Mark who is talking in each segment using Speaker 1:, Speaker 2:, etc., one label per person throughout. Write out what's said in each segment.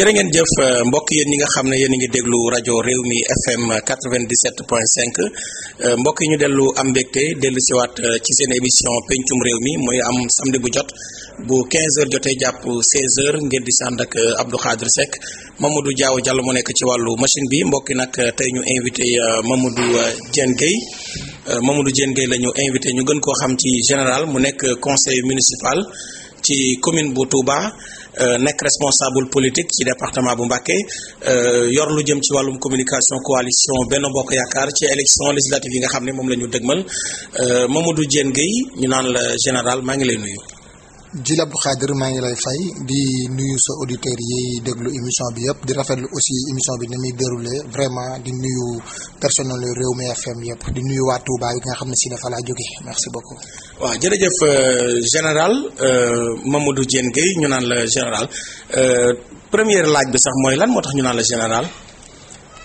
Speaker 1: jërë ngeen jëf euh, mbokk yéen ñi nga xam ne yéen a ngi déglu rajo réew mi FM 97.5 euh, mbokk yi ñu dellu am mbégte dellu siwaat euh, ci seen émission pencum réew mi muy am samedi bu jot bu 15h jotee jàpp 16h ngeen di sànd ak Abdou Khadre Seck Mamadou Diaw Diallo mu nekk ci wàllu machine bi mbokk yi nag tey ñu invité Mamadou Diène Gueye Mamadou Diène Gueye la ñu invité ñu gën koo xam ci général mu nekk conseil municipal ci commune bu tuuba Euh, nekk responsable politique ci département bu Mbacké euh, yor lu jëm ci wàllum communication coalition benn Bokk Yaakaar ci élection législative yi nga xam ne moom la ñu dëgmal euh, Mamadou Diène Gueye ñu naan la général maa ngi lay nuyu.
Speaker 2: Jules Abdou Khadir maa ngi lay fay di nuyu sa auditeurs yi déglu émission bi yëpp di rafet lu aussi émission bi ni muy déroulé vraiment di nuyu personnel Rewmi FM yëpp di nuyu waa Touba yi nga xam ne si dafa laa jóge merci beaucoup.
Speaker 1: waaw jërëjëf euh, général euh, Mamadou Diène Gueye ñu naan la général euh, première laaj bi sax mooy lan moo tax ñu naan la général.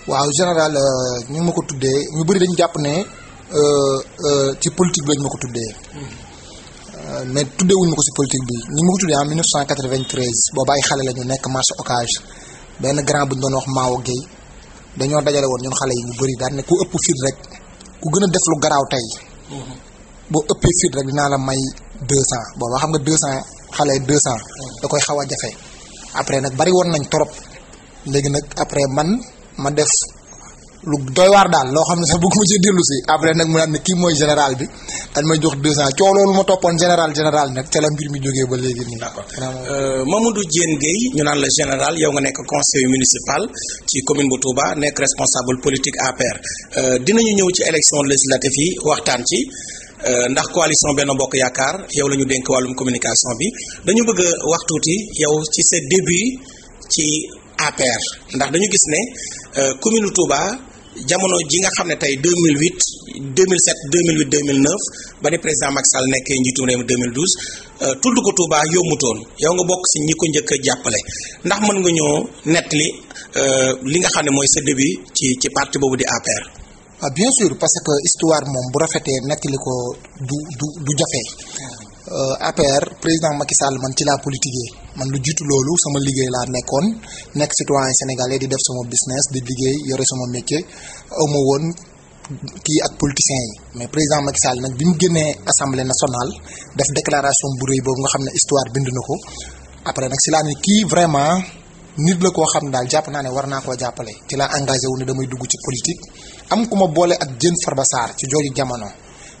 Speaker 2: waaw général ñu ngi ma ko tuddee ñu bëri dañu jàpp ne ci politique bi lañu ma ko tuddee. Hmm. Euh, mais tuddewuñu ko si politique bi ñi mu ko tuddee en 1993 booba ay xale la ñu nekk marché Occasion benn grand bu ñu doon wax Mao Guèye dañoo dajale woon ñun xale yi ñu bëri daan ne ku ëpp fit rek ku gën a def lu garaaw tey. Mm-hmm. boo ëppee fit rek dinaa la may 200 booba xam nga 200 xale deux 200. Mm-hmm. da koy xaw a jafe. après nag bari woon nañ trop léegi nag après man ma def. lu doy waar daal loo xam ne sax bëgguma ci dellu si après nag mu naan ne kii mooy général bi dañ may jox deux ans coow loolu ma toppoon général général nag ca la mbir mi jógee ba léegi nii. d'accord
Speaker 1: euh, Mamadou Diène Gueye ñu naan la général yow nga nekk conseil municipal ci commune bu Touba nekk responsable politique APR euh, dinañu ñëw ci élection législative yi waxtaan ci. Euh, ndax coalition benn bokk yaakaar yow la ñu dénk wàllum communication bi dañu bëgg wax tuuti yow ci sa début ci APR ndax dañu gis ne commune Touba jamono ji nga xam ne tey 2008 2007 2008 2009 ba ni président Macky Sall nekkee njiitum réew mi 2012 euh, tudd ko Touba yombutoon yow nga bokk si ñi ko njëkk a jàppale ndax mën nga ñoo nettali euh, li nga xam ne mooy sa début ci ci parti boobu di APR. ah
Speaker 2: bien sûr parce que histoire moom bu rafetee nettali ko du du du jafe. Euh, APR président Macky Sall man ci laa politiqué man lu jiitu loolu sama liggéey laa nekkoon nekk citoyen sénégalais di def sama business di liggéey yore sama métier awma woon kii ak politiciens yi mais président Macky Sall nag bi mu génnee assemblée nationale def déclaration bu rëy boobu nga xam ne histoire bind na ko après nag si laa ne kii vraiment nit la koo xam daal jàpp naa ne war naa koo jàppale ci laa engagé wu ne damay dugg ci politique am ku ma boole ak Diène Farba Sarr ci jooju jamono.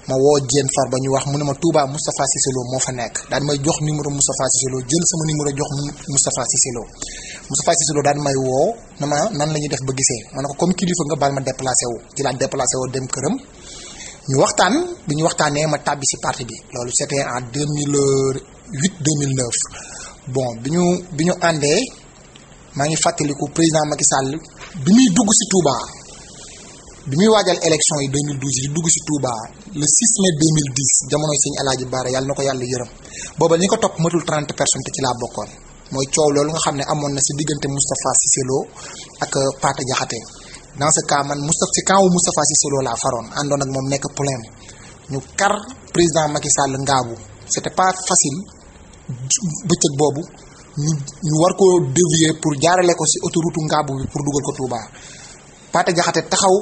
Speaker 2: ma woo Diène ba ñu wax mu ne ma Touba Moustapha Cissé Lo moo fa nekk daan may jox numéro Moustapha Cissé Lo jël sama numéro jox Moustapha Cissé Lo Moustapha Cissé Lo daan may woo na ma nan la ñuy def ba gisee ma ne ko comme kilifa nga baal ma déplacé wu ci laa déplacé woo dem këram ñu waxtaan bi ñu waxtaanee ma tàbbi si parti bi loolu c'était en 2008 2009 bon bi ñu bi ñu àndee maa ngi fàttaliku président Macky Sall bi muy dugg si Touba. bi muy waajal élection yi 2012 yi dugg si Touba le 6 mai 2010 jamonoy sëñ Alaaji Baara yàlla na ko yàlla yërëm booba li ko topp matul 30 personnes te ci laa bokkoon mooy coow loolu nga xam ne amoon na si diggante Moustapha Cissé Lo ak euh, Pata Diakhaté dans ce cas man Moustapha si camp wu Moustapha Cissé Lo laa faroon àndoon ak moom nekk problème ñu kar président Macky Sall ngaabu c'était pas facile bëccëg boobu ñu ñu war ko dévier pour jaarale ko si autoroute ngaabu bi pour dugal ko Touba Pata Diakhaté taxaw.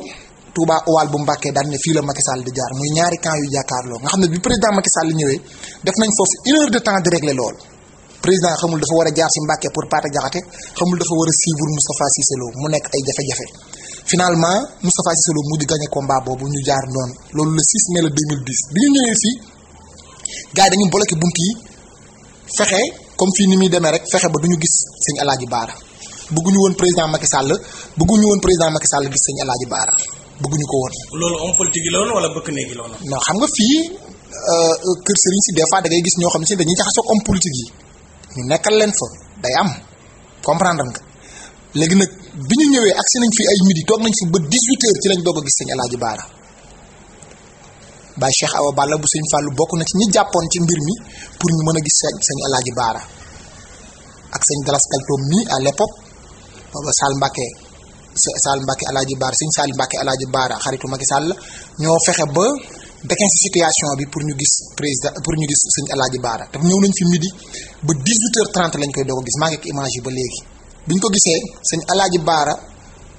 Speaker 2: Touba Owaal bu Mbàkke daan ne fii la Macky Sall di jaar muy ñaari camp yu jàkkaarloo nga xam ne bi président Macky Sall ñëwee def nañ foofu une heure de temps di régler lool président xamul dafa war a jaar si Mbàkke pour Pata Jaxate xamul dafa war a suivre Moustapha Cissé Lo mu nekk ay jafe-jafe finalement Moustapha Cissé Lo mu di gagné combat boobu ñu jaar noonu loolu le 6 mai le 2010 bi ñu ñëwee si gars yi dañu bloqué bunt yi fexe comme fii ni muy demee rek fexe ba du ñu gis sëñ Alaaji Baara bëgguñu président Macky Sall bëgguñu woon Macky Sall gis sëñ Alaaji Baara bëgguñu ko woon.
Speaker 1: loolu homme politique yi la woon wala bëkk néeg yi
Speaker 2: la xam nga fii euh, kër sëriñ si des fois da gis ñoo xam ne si dañuy jaxasoo om politique yi ñu nekkal leen fa day am comprendre nga léegi nag bi ñu ñëwee agsi nañ fi ay midi toog nañ fi bët 18 heures ci lañ doog a gis sëñ El Hadj Baara Baye Cheikh Awa Balla bu sëñ Fallou bokk na ci ñi jàppoon ci mbir mi pour ñu mën a gis sëñ sëñ El Baara ak sëñ Dalas Kaltoom mi à l'époque booba Sall Saal Mbacke Alaaji Baar Sëñ Saal Mbacke Alaaji Baara xaritu Macky Sall ñoo fexe ba deqin si situation bi pour ñu gis président pour ñu gis Sëñ Alaaji Baara te ñëw nañ fi midi ba 18 h trent lañ koy doog a gis maa ngi ak image ba léegi. bi ñu ko gisee Sëñ Alaaji Baara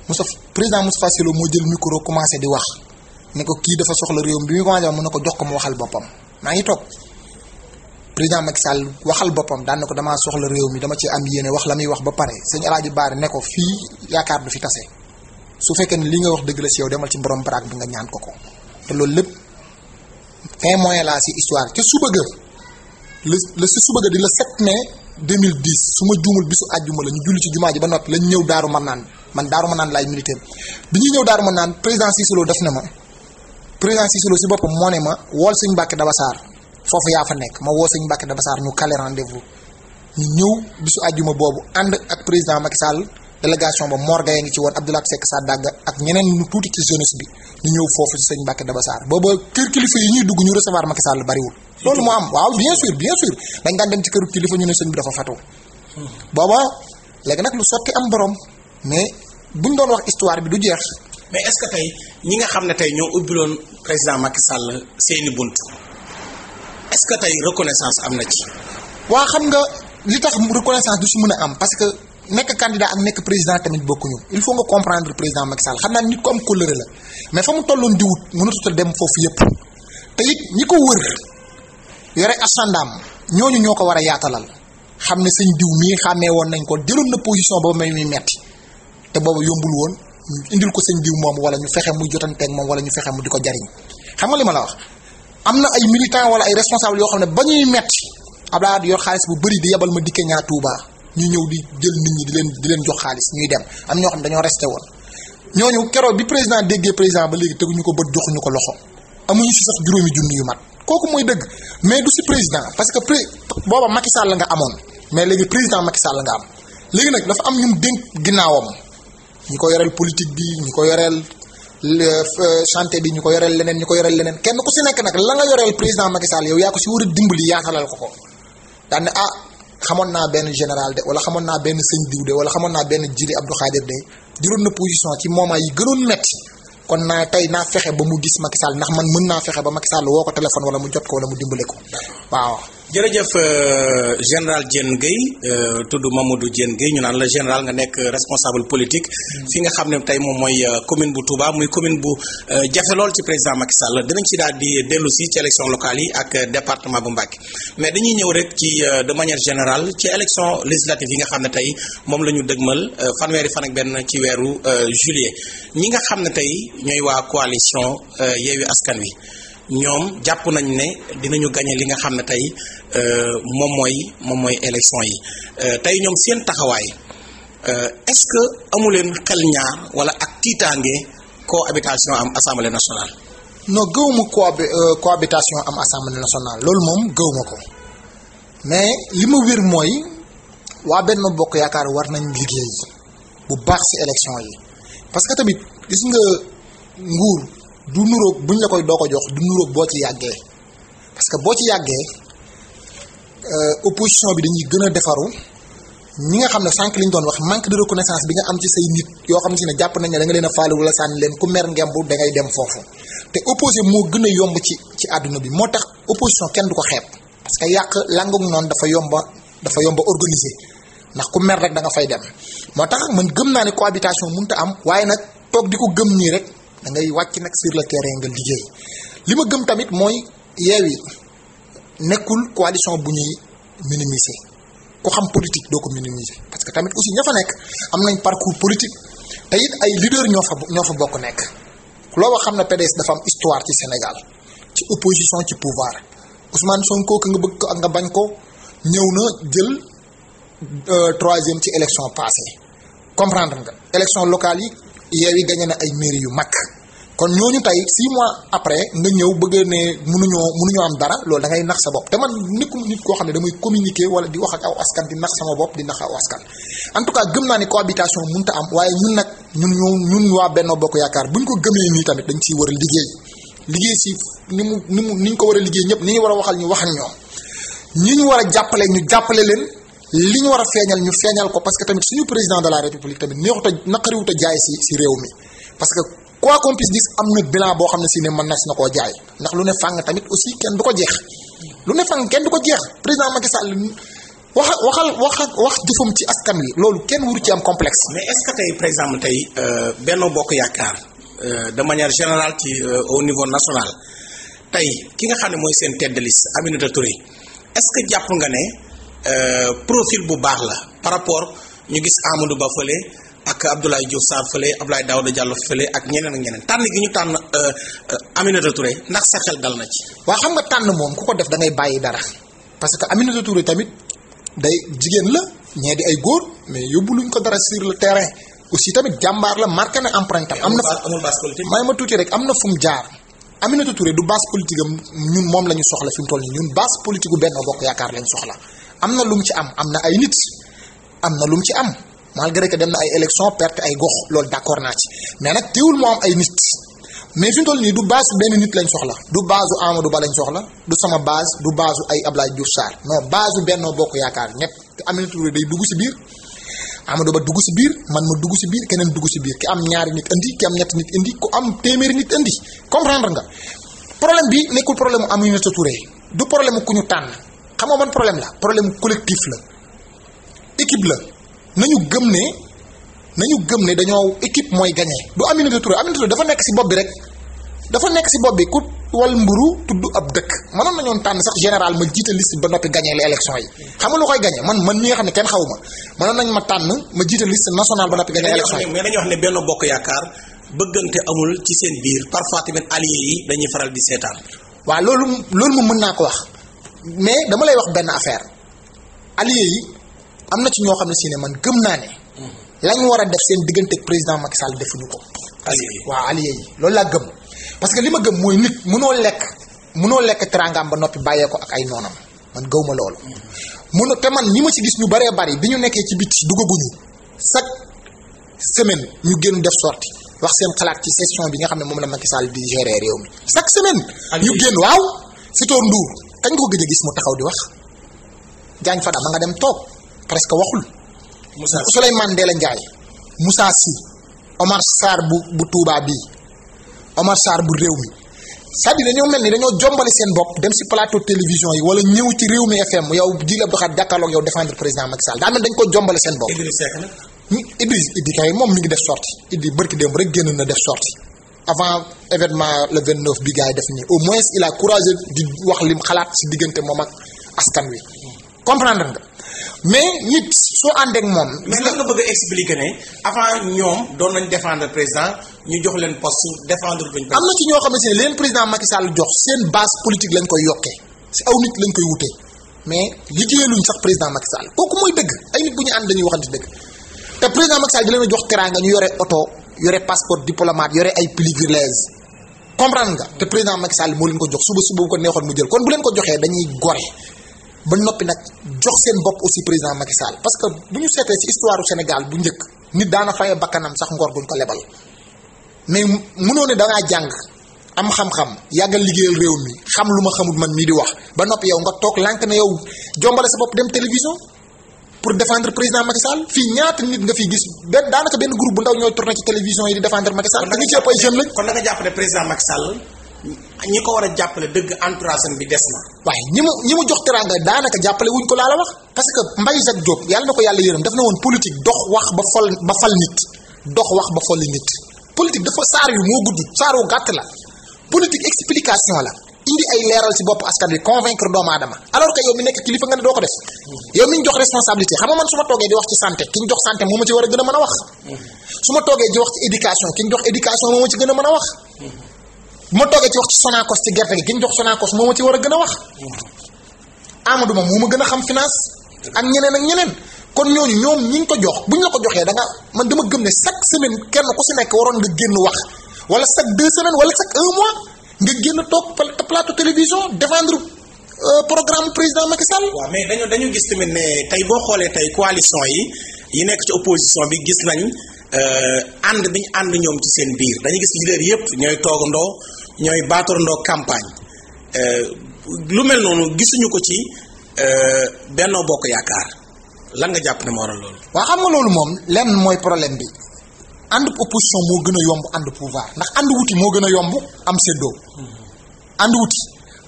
Speaker 2: mu sa président Moustapha Cissé Lô moo jël micro commencé di wax ne ko kii dafa soxla réewam bi muy commencé wax mu ne ko jox ko mu waxal boppam maa ngi toog. président Macky Sall waxal boppam daan na ko damaa soxla réew mi dama ci am yéene wax la muy wax ba pare sëñ Alaaji Baari ne ko fii yaakaar du fi tase su fekkee ne li nga wax dëgg la si yow demal ci borom baraag bi nga ñaan ko ko te loolu lépp témoin laa si histoire ca suba ga la la si suba ga di la 7 mai 2010 su ma juumul bisu àjjuma la ñu julli ci jumaa ji ba noppi lañu ñëw Daaru Manaan man Daaru Manaan laay militaire bi ñuy ñëw Daaru Manaan président Cissé Lo def na ma président Cissé Lo si boppam moo ne ma wool sëñ Mbàkke Dabasaar foofu yaa fa nekk ma woo sañ Mbacke Daba Sarr ñu calé rendez-vous ñu ñëw bisu àjjuma boobu ànd ak président Macky Sall délégation ba Mor Gaye ngi ci woon Abdoulaye Seck Sadaga ak ñeneen ñu tuuti ci jeunesse bi ñu ñëw foofu ci sëñ Mbacke Daba Sarr booba kër kilifa yi ñuy dugg ñu recevoir Macky Sall bariwul. loolu moo am waaw bien sûr bien sûr dañ daan dem ci këru kilifa ñu ne sëñ bi dafa fatoo hmm. booba léegi nag lu sotti
Speaker 1: am borom mais buñ doon wax histoire bi du jeex. mais est-ce que tey ñi nga xam ne tey ñoo ubbiloon président Macky Sall seeni bunt est-ce que tey reconnaissance am na ci. waa xam nga li tax reconnaissance du si mën a am parce que nekk candidat
Speaker 2: ak nekk président tamit bokkuñu il faut nga comprendre président Macky Sall xam naa nit ko am kóllëre la mais fa mu tolloon di wut mënatut a dem foofu yépp te it ñi ko wër yore asandaam ñooñu ñoo ko war a yaatalal xam ne sëñ diw mii xàmmee woon nañ ko jëloon na position boobu may muy metti te boobu yombul woon indil ko sëñ diw moom wala ñu fexe mu jotanteeg moom wala ñu fexe mu di ko jariñ xam nga li ma la wax. am na ay militant wala ay responsable yoo xam ne ba ñuy metti Abdoulaye Wade yor xaalis bu bëri di yebal ma dikke ñaa Touba ñu ñëw di jël nit ñi di leen di leen jox xaalis ñuy dem am ñoo xam ne dañoo resté woon ñooñu keroog bi président déggee président ba léegi teguñu ko bët joxuñu ko loxo amuñu sax juróomi junni yu mat kooku mooy dëgg mais du si président parce que pré booba Macky Sall la amoon mais léegi président Macky Sall la nga am léegi nag dafa am ñum dénk ginnaawam ñu ko yoreel politique bi ñu ko yoreel santé euh, bi ñu ko yoreel leneen ñu ko yoreel leneen kenn ku si nekk nag la nga yoreel président Macky Sall yow yaa ko si war a dimbali yaatalal ko ko daan ne ah xamoon naa benn général de wala xamoon naa benn sëñ diw de wala xamoon naa benn jili Abdou Khadir de juróon na position ci moment yi gënoon metti kon naa tey naa fexe ba mu gis Macky Sall ndax man mën naa fexe ba Macky Sall woo ko téléphone wala mu jot ko wala mu dimbale ko
Speaker 1: waaw jërëjëf euh, général Diène Gueye euh, tudd Mamadou Diène Gueye ñu naan la général nga nekk responsable politique mm. fi nga xam ne tey moom mooy euh, commune bu Touba muy commune bu jafe lool ci président Macky Sall dinañ ci daal di dellu si ci élection locale yi ak département bu Mbacké mais dañuy ñëw rek ci de manière général ci élection législative yi nga xam ne tey moom la ñu dëgmal fanweeri fan ak benn ci weeru juillet ñi nga xam ne tey ñooy waa coalition Yewwi Askan Wi ñoom jàpp nañ ne dinañu gañe li nga xam ne tey euh, moom mooy moom mooy élection yi euh, tey ñoom seen taxawaay euh, est-ce que amu leen xel ñaar wala ak tiitaange cohabitation am assemblée nationale.
Speaker 2: non gëwuma cohabitation am assemblée nationale loolu moom gëwuma ko mais li ma wér mooy waa Benno Bokk Yaakaar war nañ liggéey bu baax ci élection yi parce que tamit gis nga nguur. du nuroog buñ la koy doo ko jox du nuroog boo ci yàggee parce que boo ci yàggee euh, opposition bi dañuy gën a defaru ñi nga xam ne sànq li ñu doon wax manque de reconnaissance bi nga am ci say nit yoo xam ne si ne jàpp nañ ne da nga leen a faale sànni leen ku mer ngemb da ngay dem foofu te opposé moo gën a yomb ci ci àdduna bi moo tax opposition kenn du ko xeeb parce que yàq langug noon dafa yomba dafa yomba organiser ndax ku mer rek da nga fay dem moo tax man gëm naa ne cohabitation mënut a am waaye nag toog di ko gëm nii rek dangay ngay wàcc nag sur le terrain nga liggéey li ma gëm tamit mooy Yewwi nekkul coalition bu ñuy minimiser ku xam politique doo ko minimiser parce que tamit aussi ña fa nekk am nañ parcours politique tey ay leader ñoo fa bokk nekk loo wax xam ne PDS dafa am histoire ci Sénégal ci opposition ci pouvoir Ousmane Sonko ki nga bëgg ko ak nga bañ ko ñëw na jël euh, troisième ci élection passée comprendre nga élection locale yi yi gagné na ay mairie yu mag kon ñooñu tey sii mois après nga ñëw bëgg ne mënuñoo mënuñoo am dara loolu da nax sa bopp te man nekkum nit koo xam ne damay communiqué wala di wax ak aw askan di nax sama bopp di nax aw askan en tout cas gëm naa ne cohabitation mënta am waaye ñun nag ñun ñoo ñun waa Benno Bokk Yaakaar bu ñu ko gëmee nii tamit dañ ciy war a liggéey liggéey si ni mu ni mu ni ñu ko war a liggéey ñëpp ni ñu war a waxal ñu wax ak ñoom ñi ñu war a jàppale ñu jàppale leen li ñu war a feeñal ñu feeñal ko parce que tamit suñu président de la république tamit neexut a naqariwut a jaay si si réew mi parce que quoi qu'on puisse dire am na bilan boo xam ne si ne man na si na koo jaay ndax lu ne fàng tamit aussi kenn du ko jeex lu ne fàng kenn du ko jeex
Speaker 1: président Macky Sall wax waxal wax wax jëfam ci askan wi loolu kenn wuru ci am complexe. mais est-ce tey par exemple tey euh, benn Bokk Yaakaar euh, de manière général ci euh, au niveau national tey ki nga xam ne mooy seen tête de liste Aminata Touré est-ce que jàpp nga ne profil bu baax la par rapport ñu gis Amadou Ba fële ak Abdoulaye Diouf Sarr fële Abdoulaye Daouda Diallo fële ak ñeneen ak ñeneen tànn gi ñu tànn euh, euh, Aminata Touré ndax sa xel dal na ci. waa xam nga tànn moom ku ko def da ngay bàyyi dara parce
Speaker 2: que Aminata Touré tamit day jigéen la ñee di ay góor mais yóbbu luñ ko dara sur le terrain aussi tamit jàmbaar la marqué na empreinte am. na fa amul base politique may ma tuuti rek am na fu mu jaar. Aminata Touré du base politique am ñun moom la ñu soxla fi mu toll nii ñun base politique gu Benno Bokk Yaakaar lañ soxla am na lu ci am am na ay nit am na lu mu ci am. malgré que dem na ay élection perte ay gox loolu d'accord naa ci mais nag teewul moo am ay nit mais fi mu toll nii du base benn nit lañ soxla du base u Amadou Ba lañ soxla du sama base du baasu ay Ablaye Diouf Sarr non base benn Bokk Yaakaar ñëpp te Aminata Touré day dugg si biir Amadou Ba dugg si biir man ma dugg si biir keneen dugg si biir ki am ñaari nit indi ki am ñetti nit indi ku am téeméeri nit indi comprendre nga problème bi nekkul problème mu Aminata Touré du problème ku tànn xam nga man problème la problème collectif la équipe la. nañu gëm ne nañu gëm ne dañoo équipe mooy gagné du Aminata Touré Aminata Touré dafa nekk si bopp bi rek dafa nekk si bopp bi ku wal mburu tudd ab dëkk mënoon nañoon tànn sax général ma jiite liste ba noppi gagné les yi xam nga lu koy gagné man man mi nga xam ne kenn xaw ma mënoon nañ ma tànn ma jiite liste nationale ba noppi gagné élections yi mais dañuy
Speaker 1: wax ne benn bokk yaakaar bëggante amul ci seen biir parfois tamit alliés yi dañuy faral di seetaan waa loolu loolu mën naa ko wax mais dama lay wax
Speaker 2: benn affaire alliés yi am na ci ñoo xam ne si ne man gëm naa ne. Hmm. la ñu war a def seen diggante ak président Macky defuñu ko. waaw allié yi loolu laa gëm. parce que li ma gëm mooy nit mënoo lekk mënoo lekk teraangaam ba noppi bàyyee ko ak ay noonam man gëw ma loolu. mënu hmm. te man ñi ma ci gis ñu baree bari bi ñu nekkee ci biti dugaguñu chaque semaine ñu génn def sorti wax seen xalaat ci session bi nga xam ne moom la Macky Sall di gérer réew mi chaque semaine. ñu génn waaw. Sitor Ndour kañ ko gëj a gis mu taxaw di wax. Diagne Fada nga dem toog. presque waxul. Moussa Souleymane Ndéla la Moussa Sy Omar Sarr bu bu Touba bii Omar Sarr bu réew mi c'est-à-dire dañoo mel ni dañoo jombale seen bopp dem si plateau télévision yi wala ñëw ci réew mi FM yow di la doxaat jàkkaarloog yow défendre président Macky Sall mel dañ ko jombale seen bopp. Idriss Iddi kay moom mi ngi def sorti Iddi bërki dem démb rek génn na def sorti avant événement la le 29 bi gars yi def nii au moins il a courage di wax lim xalaat si diggante moom askan wi
Speaker 1: hmm. comprendre mais nit soo ànd ak moom. mais lan nga bëgg a expliquer ne avant ñoom doon nañ défendre président ñu jox leen poste défendre duñ. am na ci ñoo
Speaker 2: xamante ne leen président Macky Sall jox seen base politique lañ koy yokkee si aw nit lañ koy wutee mais liggéeyaluñ sax président Macky Sall kooku mooy dëgg ay nit bu ñu ànd dañuy waxante dëgg te président Macky Sall di leen jox teraanga ñu yore oto yore passeport diplomate yore ay privilèges. comprendre nga te président Macky Sall moo ko jox suba suba bu ko neexoon mu jël kon bu leen ko joxee dañuy gore ba noppi nag jox seen bopp aussi président Macky Sall parce que bu ñu seetee ci histoire du Sénégal bu njëkk nit daana faye bakkanam sax ngor guñ ko lebal mais mënoo ne dangaa jàng am xam-xam yàggal liggéeyal réew mi xam lu ma xamul man mii di wax ba noppi yow nga toog lank na yow jombale sa bopp dem télévision pour défendre président Macky fii ñaata nit nga fi gis benn daanaka benn groupe bu ndaw ñooy tourné ci télévision yi di défendre Macky ñi ko war a jàppale dëgg entourage bi des na. waaye ñi mu ñi mu jox teraanga daanaka jàppale wuñ ko laa la wax parce que Mbaye Jacques Diop yàlla na ko yàlla yërëm daf na woon politique dox wax ba fol ba fal nit dox wax ba fol nit politique dafa saar yu moo gudd saar wu gàtt la politique explication la indi ay leeral ci bopp askan bi convaincre doomu aadama alors que yow mi nekk kilifa nga ne doo ko def yow mi ñu jox responsabilité xam nga ma toogee di wax ci santé ki ñu jox santé a gën a mm-hmm. ma toogee di wax ci ki ñu jox éducation moo gën a mën a wax ma toogee ci wax ci Sonacos ci gerte gi ki ñu jox Sonacos moom ma ci war a gën a wax Amadou ma moo ma gën a xam finance ak ñeneen ak ñeneen kon ñooñu ñoom ñi ngi ko jox bu ñu la ko joxee da nga man dama gëm ne chaque semaine kenn ku si nekk waroon nga génn wax wala chaque deux semaines wala chaque un mois
Speaker 1: nga génn toog plateau télévision défendre euh, programme président Macky Sall. waaw mais dañu dañu gis tamit ne tey boo xoolee tey coalition yi yi nekk ci opposition bi gis nañ euh, ànd bi ñu ànd ñoom ci seen biir dañu gis leader yëpp ñooy toogandoo. ñooy baatorandoo campagne euh, lu mel noonu gisuñu ko ci euh, Benno Bokk Yaakaar lan nga jàpp ne moo waral loolu. waaw xam nga loolu
Speaker 2: moom lenn mooy problème bi ànd opposition moo gën a yomb ànd pouvoir ndax ànd wuti moo gën a yomb am séddoo mm-hmm. ànd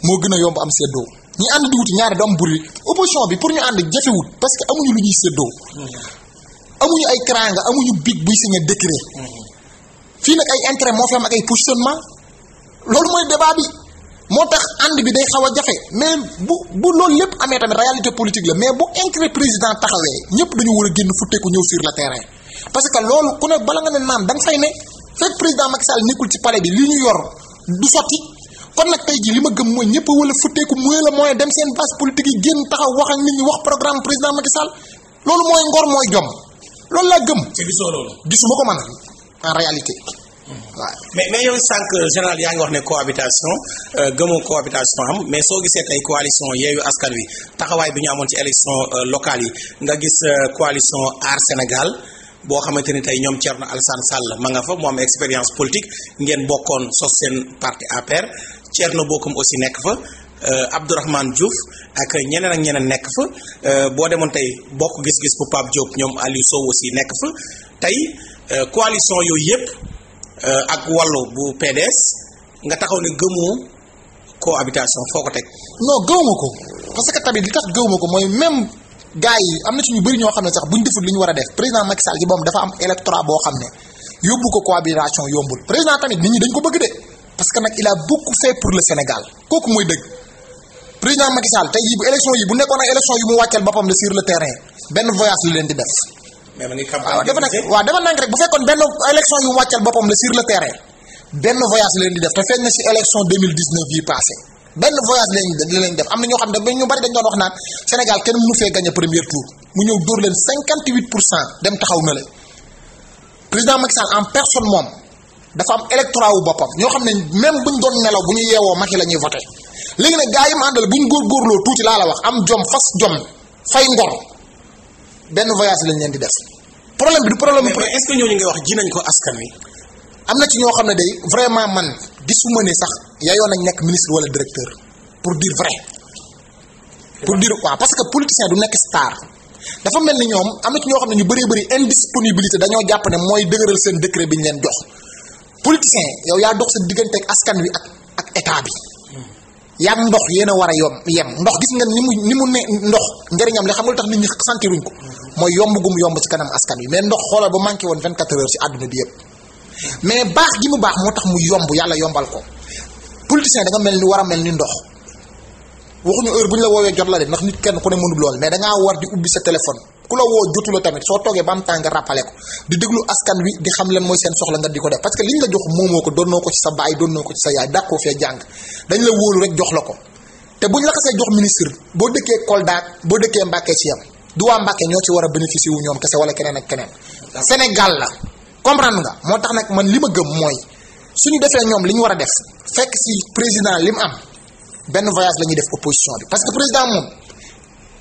Speaker 2: moo gën a yomb am séddoo ñi ànd di ñaari doom buri opposition bi pour ñu ànd jafewut parce que amuñu lu ñuy séddoo mm-hmm. amuñu ay crainga amuñu big buy signé décret mm-hmm. fii nag ay intérêt moo fi am ak ay positionnement loolu mooy débat bi moo tax ànd bi day xaw a jafe mais bu bu loolu lépp amee tamit réalité politique la mais boo intérêt président taxawee ñëpp dañu war a génn futteeku ñëw sur le terrain parce que loolu ku ne bala nga ne naan da nga fay ne fekk président Macky Sall nekkul ci palais bi li ñu yor du sotti kon nag tey jii li ma gëm mooy ñëpp wala futteeku mooy la mooy dem seen base politique yi génn taxaw wax ak nit ñi wax programme président Macky Sall mooy ngor mooy jom loolu laa gëm. te gisoo loolu. gisuma ko man en réalité. waaw
Speaker 1: mais mais yow sànq général yaa ngi wax ne cohabitation euh, gëmoo cohabitation am mais soo gisee tey coalition yeeyu askan wi taxawaay bi ñu amoon ci élection euh, locale yi nga gis euh, coalition aar Sénégal boo xamante ni tey ñoom Thierno Alassane Sall ma nga fa mu am expérience ngeen bokkoon sos seen parti APR Thierno Bocoum aussi nekk fa. Uh, Abdourahmane Diouf ak ñeneen ak ñeneen nekk fa boo demoon tey bokk gis-gis bu Pape ñoom Aliou Sow aussi nekk fa tey uh, yooyu yëpp. Euh, ak wàllu bu PDS nga taxaw ne gëmoo cohabitation foo ko teg. non gëwuma ko parce que tamit li tax
Speaker 2: gëwuma ko mooy même gars yi am na ci ñu bëri ñoo xam ne sax ñu deful li ñu war a def président Macky Sall ci boppam dafa am électorat boo xam ne yóbbu ko cohabitation yombul président tamit nit ñi dañ ko bëgg de parce que nag il a fait pour le Sénégal kooku mooy dëgg. président Macky Sall tey jii bu élection yi bu nekkoon ak élection yi mu wàcceel boppam de le terrain benn voyage leen di def.
Speaker 1: mais ma ngi campagne waaw dafa nag waaw
Speaker 2: dafa nang rek bu fekkoon benn élection yu wàccal boppam la sur le terrain benn voyage leen di def te feeñ na si élection 2019 yi passé benn voyage lañ leen def am na ñoo xam ne ñu bari dañ doon wax naan Sénégal kenn mënu fee gagné premier tour mu ñëw dóor leen 58 pour cent dem taxaw na la président Macky Sall en personne moom dafa am électorat wu boppam ñoo xam ne même bu ñu doon nelaw bu ñu yeewoo Macky la ñuy voté léegi nag gars yi mu àndal bu ñu góorgóorloo tuuti laa la wax am jom fas jom fay ngor. benn voyage lañ leen di def problème bi du problème. mais est ce que ñooñu ngay wax ji nañ ko askan wi. am na ci ñoo xam ne day vraiment man gisuma ne sax yaayoon nañ nekk ministre wala directeur pour dire vrai. pour dire waaw parce que politicien du nekk star. dafa mel ni ñoom am na ci ñoo xam ne ñu bëree bëri indisponibilité dañoo jàpp ne mooy dëgëral seen décret bi ñu leen jox politicien yow yaa dox sa diggante ak askan wi ak ak état bi. yàgg ndox yéen war a yom yem ndox gis nga ni mu ni mu ne ndox njëriñam li xam nga tax nit ñi sentiruñ ko mooy yomb gum yomb si kanam askan wi mais ndox xoolal ba manqué woon 24 heures ci àdduna bi yëpp mais baax gi mu baax moo tax mu yomb yàlla yombal ko politicien da mel ni war a mel ni ndox waxuñu heure bu ñu la woowee jot la de ndax nit kenn ku ne mënul lool mais dangaa war di ubbi sa téléphone ku la woo jotu tamit soo toogee ba am temps nga ko di déglu askan wi di xam lan mooy seen soxla nga di ko def parce que liñ la jox moomoo ko doonnoo ko ci sa baay doonnoo ko ci sa yaay dàqoo fee jàng dañ la wóolu rek jox la ko te buñ la xasee jox ministre boo dëkkee Kolda boo dëkkee Mbàkke ci yam du waa ñoo ci war a bénéficier wu ñoom kese wala keneen keneen Sénégal la comprendre nga moo tax nag man li ma gëm mooy suñu defee ñoom li ñu war a def fekk si président li mu am benn voyage la ñuy def opposition bi parce que président moom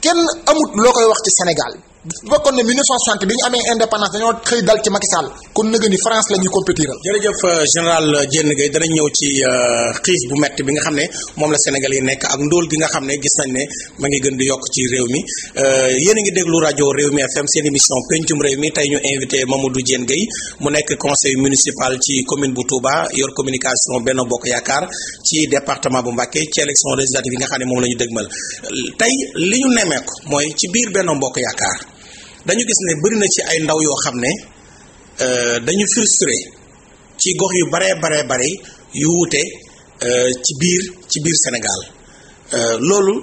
Speaker 2: kenn amut loo koy wax ci Sénégal bu fekkoon ne 1960 bi ñu amee indépendance dañoo xëy dal ci Macky Sall kon nëgë ni France la ñuy compétiral.
Speaker 1: jërëjëf euh, général Diène Gueye danañ ñëw ci euh, xiif bu metti bi nga xam ne moom la Sénégal yi nekk ak ndóol gi nga xam ne gis nañ ne ma ngi gën di yokk ci réew mi euh, yéen a ngi déglu rajo réew FM seen émission pencum réew mi tey ñu invité Mamadou Diène Gueye mu nekk conseil municipal ci commune bu Touba yor communication Benno Bokk Yaakaar ci département bu Mbacké ci élection législative yi nga xam ne moom la ñu dëgmal tey li ñu ko mooy ci biir benn mbokk Yaakaar. dañu gis ne bëri na ci ay ndaw yoo xam ne euh, dañu frustré ci gox yu baree baree bare yu wuute euh, ci biir ci biir Sénégal euh, loolu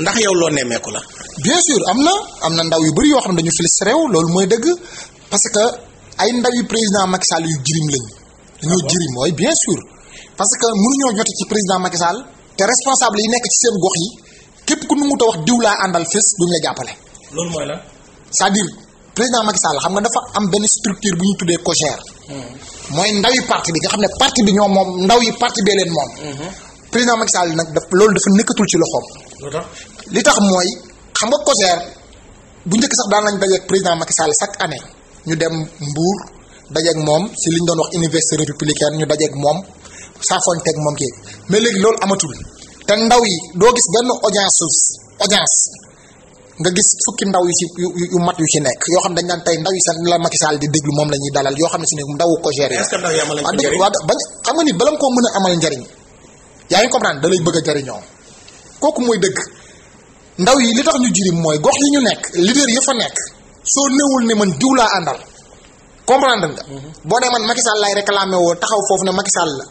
Speaker 1: ndax yow loo nemmeeku
Speaker 2: la. bien sûr am na am na ndaw yu bëri yoo xam ne dañu frustré wu loolu mooy dëgg parce que ay ndaw yu président Macky Sall yu jirim lañu. dañoo jirim mooy bien sûr parce que mu mënuñoo jote ci président Macky Sall te responsable yi nekk ci seen gox yi képp ku nu mu a wax diw laa àndal fés duñ la jàppale.
Speaker 1: loolu mooy la.
Speaker 2: c'est-à-dire président Macky xam nga dafa am benn structure bu ñu tuddee COJER. mooy ndaw yi parti bi nga xam ne parti bi ñoo moom ndaw yi parti bee leen moom. président Macky Sall nag daf loolu dafa nekkatul ci loxoom. li tax mooy xam nga COJER bu njëkk sax daan nañ dajeeg président Macky Sall chaque année ñu dem Mbour dajeeg moom si li ñu doon wax université républicaine ñu dajeek moom teg moom kii mais léegi loolu amatul te ndaw yi doo gis benn audience audience. nga gis fukki ndaw yu si yu mat yu si nekk yoo xam dañ naan tey ndaw yi sa la Macky Sall di déglu moom la ñuy dalal yoo xam ne si ne ndaw ko géré waaw bañ xam nga ni bala nga koo mën a amal njariñ yaa ngi comprendre da lay bëgg a jariñoo kooku mooy dëgg ndaw yi li tax ñu jirim mooy gox yi ñu nekk leader ya fa nekk soo newul ne man diw laa àndal comprendre nga mm-hmm. boo ne man Macky laay lay réclamé woo taxaw foofu ne Macky Sall la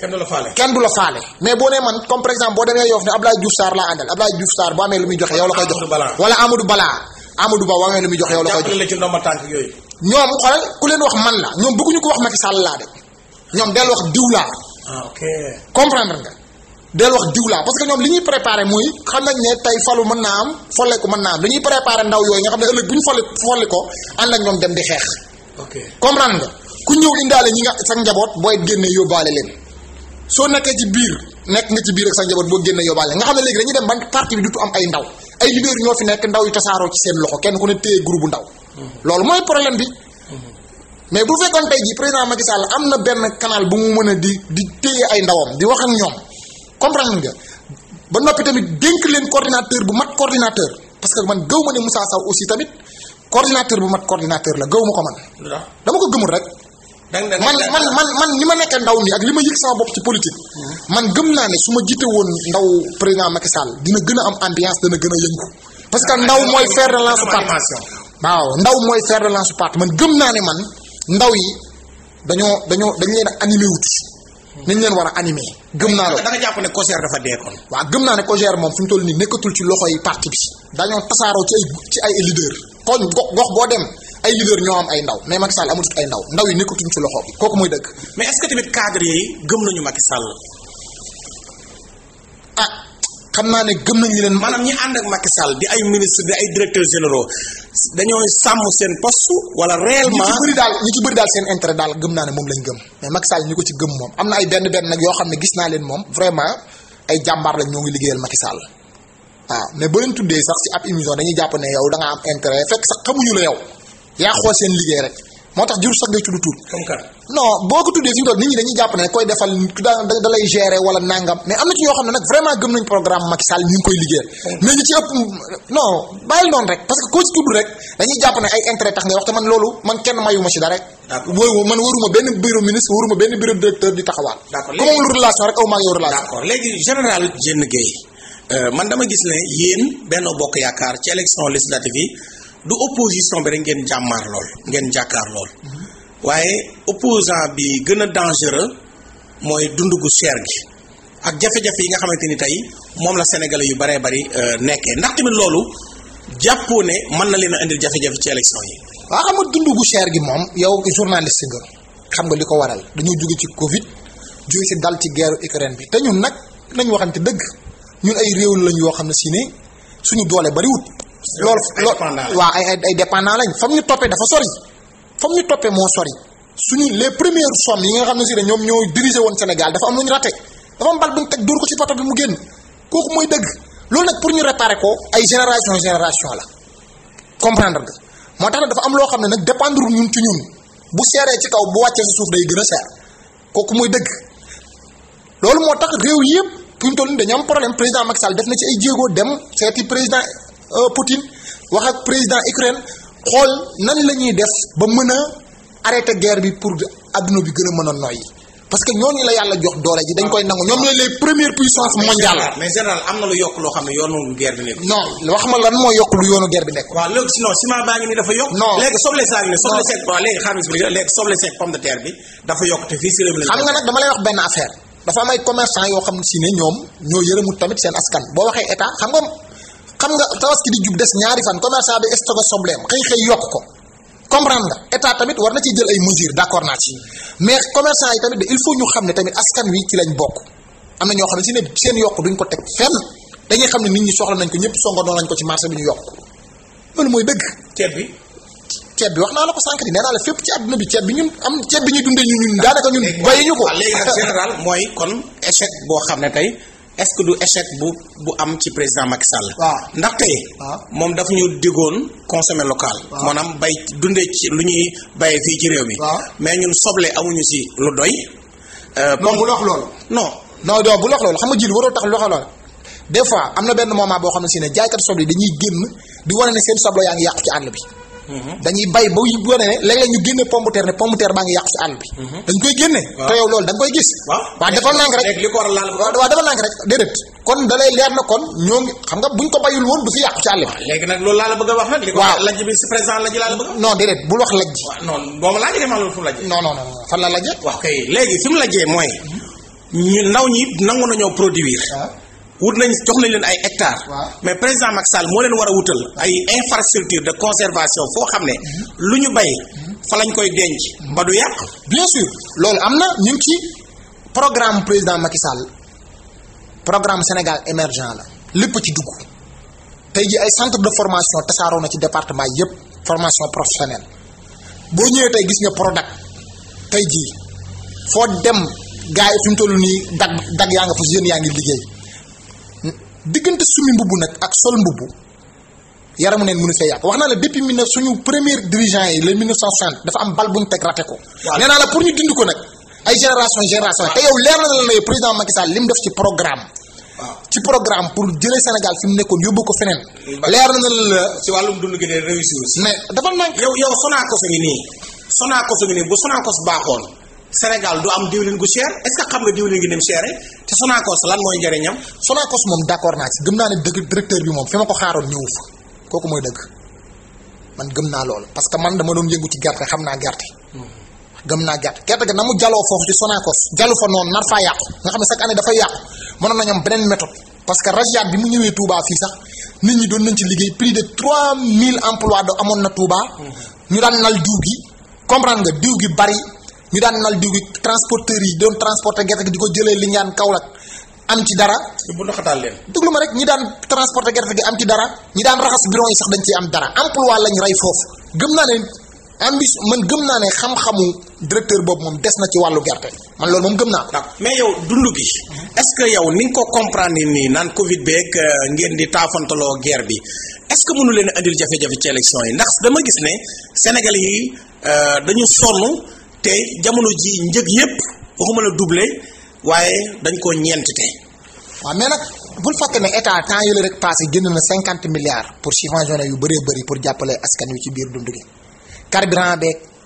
Speaker 2: kenn du la faale kenn du la faale mais boo nee man comme par exemple boo demee Yoff ne Ablaye Diouf Sarr laa àndal Ablaye Diouf Sarr boo amee lu muy joxe yow la koy jox wala Amadou Bala Amadou Ba boo amee lu muy jox yow la koy
Speaker 1: jox
Speaker 2: ñoom xoolal ku leen wax man la ñoom bëgguñu ko wax Macky Sall laa ñoom del wax diw laa ah, ok nga del wax parce que ñoom li ñuy préparé xam nañ ne tey falu mën naa am folleku mën naa am ñuy préparé ndaw yooyu nga xam ne ëllëg bu ñu folli folli ko ànd ak dem di xeex comprendre nga ku ñëw indaale ñi nga sa njaboot booy génne yóbbaale leen soo nekkee ci biir nekk nga ci biir ak sa njaboot boo génne yóbbaale nga xam ne léegi dañuy dem ban parti bi dutu am ay ndaw ay leader ñoo fi nekk ndaw yu tasaaroo ci seen loxo kenn ku ne téye groupe ndaw loolu mooy problème bi mais bu fekkoon tey jii président Macky Sall am na benn kanaal bu mu mën a di di téye ay ndawam di wax ak ñoom comprendre ja ba noppi tamit dénk leen coordinateur bu mat coordinateur parce que man gëw ma ne Moussa Sow aussi tamit coordinateur bu mat coordinateur la gëw ma ko man dama ko gëmul rek
Speaker 1: man man man
Speaker 2: man ni ma nekk ndaw nii ak li ma yëg sama bopp ci politique. Hmm. man gëm naa ne su ma jiite woon ndaw président Macky Sall dina gën a am ambiance dana gën a yëngu. parce que ndaw mooy fer de lance su parti waaw ndaw mooy fer de lance su parti man gëm naa ne man ndaw yi dañoo dañoo dañ leen a animé wut. leen war a animé. gëm naa la da nga jàpp ne COJER dafa dee kon. waaw gëm naa ne COJER moom fu ñu toll nii nekkatul ci loxoy parti bi. dañoo tasaaroo ci ci ay leader. koñ gox gox boo dem. ay leader ñoo am ay ndaw mais Macky Sall amatut ay ndaw ndaw yi nekkatuñ ci loxo kooku mooy dëgg.
Speaker 1: mais est-ce yi gëm nañu Macky Sall. ah xam naa ne gëm nañ leen maanaam ñi ànd ak Macky Sall di ay ministre di ay directeurs généraux dañoo sàmm seen poste wala réellement. ñi ci bëri daal
Speaker 2: ñi ci bëri daal seen intérêt daal gëm naa ne moom lañ gëm mais Macky Sall ñi ko ci gëm moom am na ay benn benn nag yoo xam ne gis naa leen moom vraiment ay jàmbaar lañ ñoo ngi liggéeyal Sall. waaw ah, mais boo leen tuddee sax si ab émission dañuy jàpp ne yow da am intérêt fekk sax xamuñu la yow yaa xool seen liggéey rek moo tax jur sax ngay tudd tur. boo ko tuddee fi mu toll nit ñi dañuy jàpp ne koy defal da da lay gérer wala nangam mais am na ci ñoo xam ne nag vraiment gëm nañ ñi rek parce que koo ci tudd rek dañuy jàpp ne ay intérêt tax ngay wax te man loolu man ma ci dara. d'accord wóoyoo man benn bureau ministre waruma benn bureau directeur di taxawaat. d'accord léegi
Speaker 1: comme relation rek euh, man dama gis ne yéen Benno Bokk Yaakaar ci élection législative yi du opposition bi rek ngeen jàmmaar lool ngeen jàkkaar lool mm-hmm. waaye opposant bi gën a dangereux mooy dund gu cher gi ak jafe-jafe yi nga xamante ni tey moom la sénégalais yu baree bari euh, nekkee ndax tamit loolu jàppoo ne mën na leen a indil jafe-jafe ci élection yi. waaw xam nga gu cher gi moom
Speaker 2: yow journaliste nga xam nga li ko waral dañoo jóge ci Covid jóge si dal ci guerre Ukraine bi te ñun nag nañ waxante dëgg ñun ay réew lañ yoo xam ne si ne suñu doole bariwut. loolu loolu waaw ay ay dépendant lañ fam ñu toppee dafa sori fam ñu toppee moo sori suñu les premières sommes yi nga xam ne si ne ñoom ñoo dirigé woon Sénégal dafa am lu ñu raté dafa am ñu teg dóor ko ci poto bi mu génn kooku mooy dëgg loolu nag pour ñu réparer ko ay génération génération la comprendre nga moo tax nag dafa am loo xam ne nag dépendre ñun ci ñun bu seeree ci kaw bu wàccee suuf day gën a seer kooku mooy dëgg loolu moo tax réew yëpp pour ñu toll nii dañu am problème président Macky Sall def na ci ay jéego dem seeti président Euh, Poutine wax ak président Ukraine xool nan la def ba mën a arrêter guerre bi pour adduna bi gën a mën a noyyi parce que ñooñu la yàlla jox doole ji dañ koy nangu ñoom la les premières puissances mondiales.
Speaker 1: mais général am na lu yokk loo xam ne yoonu guerre bi nekk. non moo yokk lu yoonu guerre bi nekk. waaw léegi sinon ciment baa ngi nii dafa yokk. non léegi soble saa ngi soble seeg waaw léegi xam nga nag
Speaker 2: dama lay wax benn affaire dafa am ay yoo xam ne ñoom ñoo yërëmut tamit seen askan boo waxee état xam nga. xam nga tabaski di jub des ñaari fan commerçant bi stocké sobleem xëy xëy yokk ko comprendre nga état tamit war na ci jël ay mesures d'accord naa ci mais commerçant yi tamit de il faut ñu xam ne tamit askan wi ci lañ bokk am na ñoo xam ne si ne seen yokk duñ ko teg fenn dañuy xam ne nit ñi soxla nañ ko ñëpp songandoon nañ ko ci marché bi ñu mooy dëgg. ceeb bi ceeb bi wax naa la ko sànq di nee naa fépp ci àdduna bi ceeb bi ñun am ceeb bi ñuy dundee ñu ñun daanaka ñun. Eh, bayi ñu ko léegi général mooy
Speaker 1: kon échec boo xam ne tey est-ce que du échec bu bu am ci président Macky Sall. waaw ndaxte. moom dafa ñu diggoon consommer local. waaw maanaam bay dundee ci lu ñuy bayee fii ci réew mi. mais ñun soble amuñu si lu doy. moom euh, bu lox loolu. non
Speaker 2: non non bu lox loolu xam nga jiw waroo tax loxo lool. des fois am na benn moment boo xam ne si ne jaaykat soble dañuy génn di wane ne seen soble yaa ngi yàqu ci àll bi. Mhm. dañuy bay ba wane ne léeg-léeg ñu génne pomme de terre ne pomme baa ngi yàqu si àll bi mhm. dañ koy génne te yow loolu da koy gis waaw dafa lànk rek rek déedéet kon da leer na kon ñoo ngi xam nga buñ ko bayul woon du fi yàqu ci àll
Speaker 1: bi léegi nag loolu laa la bëgg a wax nag li ko laa la bëgg non déedéet bul wax lajj non boo ma laajee fan la lajjee waaw kay léegi fi mu mooy ñu ndaw ñi nangu nañoo produire ah. wut nañ jox nañ leen ay hectares. mais président Macky Sall moo leen war a wutal ay infrastructure de conservation foo xam ne mhm. lu ñu bay mhm. fa lañ koy denc mhm. ba du yàq. bien sûr loolu am na ñu ci programme président Macky Sall
Speaker 2: programme Sénégal émergent la lépp ci dugg tey ji ay centre de formation tasaaroo na ci département yépp formation professionnelle boo ñëwee tey gis nga Prodac tey jii foo dem gars yi fi mu toll nii dag dag yaa nga fa jeunes yaa ngi liggéey. diggante summi mbubb nag ak sol mbubb yaramu neen mënu see yàq wax naa la depuis mille neuf suñu premier dirigeant yi le 1960 dafa am bal bu ñu teg raté ko. waaw nee naa la pour ñu dindi ko nag ay génération génération te yow leer na la ne président Macky Sall li mu def ci programme. ci programme pour jëlee Sénégal fi mu nekkoon yóbbu ko feneen. leer
Speaker 1: na la ci wàllum dund gi de réussir aussi. mais dafa nag yow yow Sonacos ngi nii Sonacos ngi nii bu Sonacos baaxoon Sénégal du am diwlin gu cher est que xam nga diwlin gi ni mu
Speaker 2: te Sonacos lan mooy njëriñam Sonacos moom d'accord naa ci gëm naa ne dëgg directeur bi moom fi ma ko xaaroon ñëwu fa kooku mooy dëgg man gëm naa loolu parce que man dama doon yëngu ci gerte xam naa gerte. Hmm. gëm naa gerte gerte gi na mu jaloo foofu ci Sonacos jalu fa noonu nar faa yàqu nga xam ne chaque année dafay yàqu mënoon nañu am beneen méthode parce que Rajat bi mu ñëwee Touba fii sax nit ñi doon nañ ci liggéey plus de 3000 emplois do amoon na Touba. Hmm. ñu daan nal diw gi comprendre nga diw gi bari ñu daan nal diw bi transporteurs yi doon transporte gerte gi di ko jëlee li ñaan Kaolack am ci dara. bu ndoxatal leen. déglu ma rek ñi daan transporter gerte gi am ci dara ñi daan raxas bidon yi sax dañ ciy am dara am emploi lañ rey foofu gëm naa ne ambition man gëm naa ne
Speaker 1: xam-xamu directeur boobu moom des na ci wàllu gerte man loolu moom gëm naa ko. mais yow dund gi est-ce que yow ni ñu ko comprendre nii naan Covid beeg euh, ngeen di taafantaloo guerre bi est-ce que mënu leen indil jafe-jafe ci élection yi ndax dama gis ne Sénégal yi euh, dañu sonn. te jamono ji njëg yépp waxuma la doublé waaye dañ koo ñeentite. waa mais nag
Speaker 2: bul fàtte ne état temps yële rek passé génn na cinquante milliards pour subventionner yu bëree bëri pour jàppale askan wi ci biir dund gi carburant beeg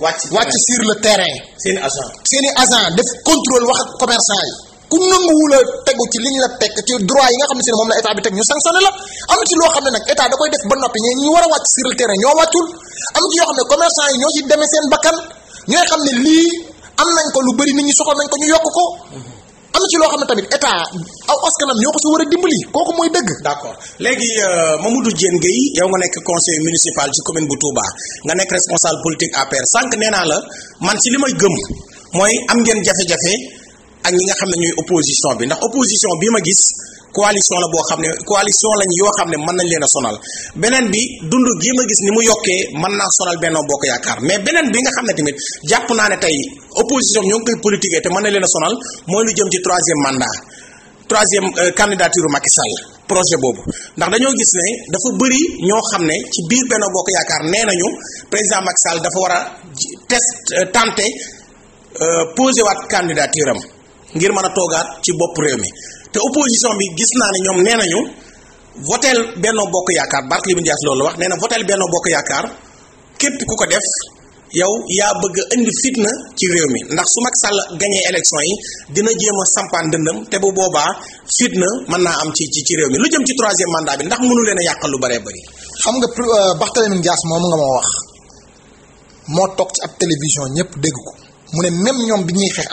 Speaker 2: wàcc sur le terrain. seen agent seen i agent def contrôle wax ak commerçant yi. ku nanguwul a tegu ci li ñu la teg ci droit yi nga xam ne si ne moom la état bi teg ñu sanctionné la am na ci loo xam ne nag état da koy def ba noppi ñu war a wàcc sur le terrain ñoo wàccul am na ci yoo xam ne commerçant yi ñoo ci demee seen bakkan ñooy xam ne lii am nañ ko lu bëri nit ñi soxla nañ ko ñu
Speaker 1: yokk ko am na
Speaker 2: ci loo xam ne tamit état aw askanam ñoo ko si war
Speaker 1: a dimbali kooku mooy dëgg. d' accord léegi euh, Mamadou Diène Gueye yow nga nekk conseil municipal ci commune bu Touba nga nekk responsable politique APR sànq nee naa la man si li may gëm mooy am ngeen jafe-jafe ak ñi nga xam ne ñooy opposition bi ndax opposition bi ma gis. coalition la boo xam ne coalition lañ yoo xam ne mën nañ leen a sonal beneen bi dund gi ma gis ni mu yokkee mën naa sonal Benno Bokk Yaakaar mais beneen bi nga xam ne tamit jàpp naa ne tey opposition ñoo ngi koy politiquer te mën na leen a sonal mooy lu jëm ci troisième mandat troisième euh, candidature Macky Sall projet boobu ndax dañoo gis ne dafa bëri ñoo xam ne ci biir Benno Bokk Yaakaar nee nañu président Macky Sall dafa war a test euh, tenté euh, posé waat candidature am ngir mën a toogaat ci bopp réew mi te opposition bi gis naa ne ñoom nee nañu votel Benno Bokk Yaakaar Barthélémy Dias loolu wax nee na votel Benno Bokk Yaakaar képp ku ko def yow yaa bëgg a indi fitna ci réew mi ndax su Macky Sall gañee élection yi dina jéem a sampaan dëndam te bu boobaa fitna mën naa am ci ci réew mi lu jëm ci troisième mandat bi ndax mënu leen a yàqal lu bëree bëri. xam nga euh, Barthélémy Dias moom nga ma wax
Speaker 2: moo toog ci ab télévision ñëpp dégg ko mu ne même ñoom bi ñuy xeex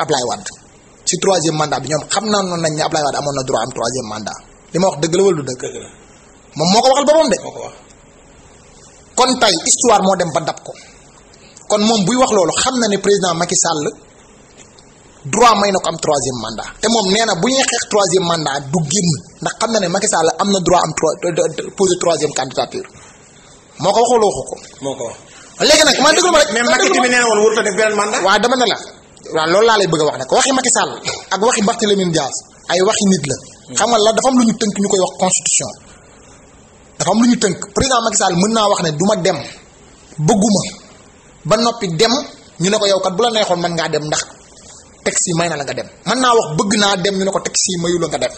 Speaker 2: si troisième mandat bi ñoom xam naa noonu nañ ne Ablaye Wade amoon na droit li ma wax dëgg la wala du dëgg. moom moo ko waxal boppam de. kon tey histoire moo dem ba dab ko kon buy wax loolu xam na ne président Macky Sall droit may na ko am troisième te moom nee na bu ñuy xeex troisième mandat du génn ndax xam na ne Macky Sall am na droit am trois euh, euh, poser troisième moo ko waxul waxu ko.
Speaker 1: moo ko wax man déglu ma rek.
Speaker 2: na dama ne waaw loolu laa lay bëgg a wax nag waxi Macky Sall ak waxi Barthélémy Dias ay waxi nit la. xamal la dafa lu ñu tënk ñu koy wax constitution dafa lu ñu tënk président Macky Sall mën naa wax ne du ma dem bëgguma ba noppi dem ñu ne ko yow bu la neexoon mën ngaa dem ndax texte yi may na nga dem mën naa wax bëgg naa dem ñu ne ko texte yi mayu la nga def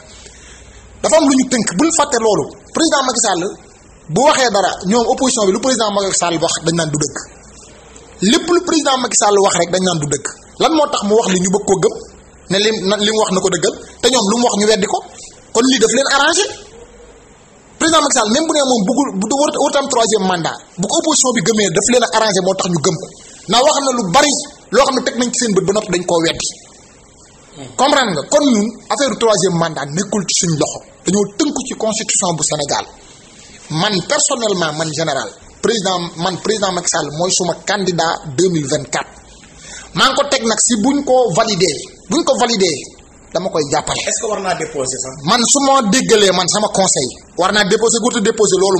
Speaker 2: dafa am lu ñu tënk buñ fàtte loolu président Macky Sall bu waxee dara ñoom opposition bi lu président Macky Sall wax dañ naan du dëgg lépp lu président Macky Sall wax rek dañ naan du dëgg. lan moo tax mu wax li ñu bëgg koo gëm ne li li mu wax na ko dëggal te ñoom lu mu wax ñu weddi ko kon lii daf leen arrangé président Macky Sall même bu nee moom bëggul bu wërta am troisième mandat bu ko opposition bi gëmee daf leen arrangé moo tax ñu gëm ko naa wax na lu bari loo xam ne teg nañ ci seen bët ba noppi dañ koo weddi hmm. comprendre nga kon ñun affaire troisième mandat nekkul ci suñ loxo dañoo tënku ci constitution bu Sénégal man personnellement man général président man président Macky mooy suma candidat 2024 maa ngi ko teg nag si buñ ko valider buñ ko valider dama koy jàppale.
Speaker 1: est-ce que war naa déposer sax.
Speaker 2: man su ma déggalee man sama conseil. war naa déposer gurtu déposé loolu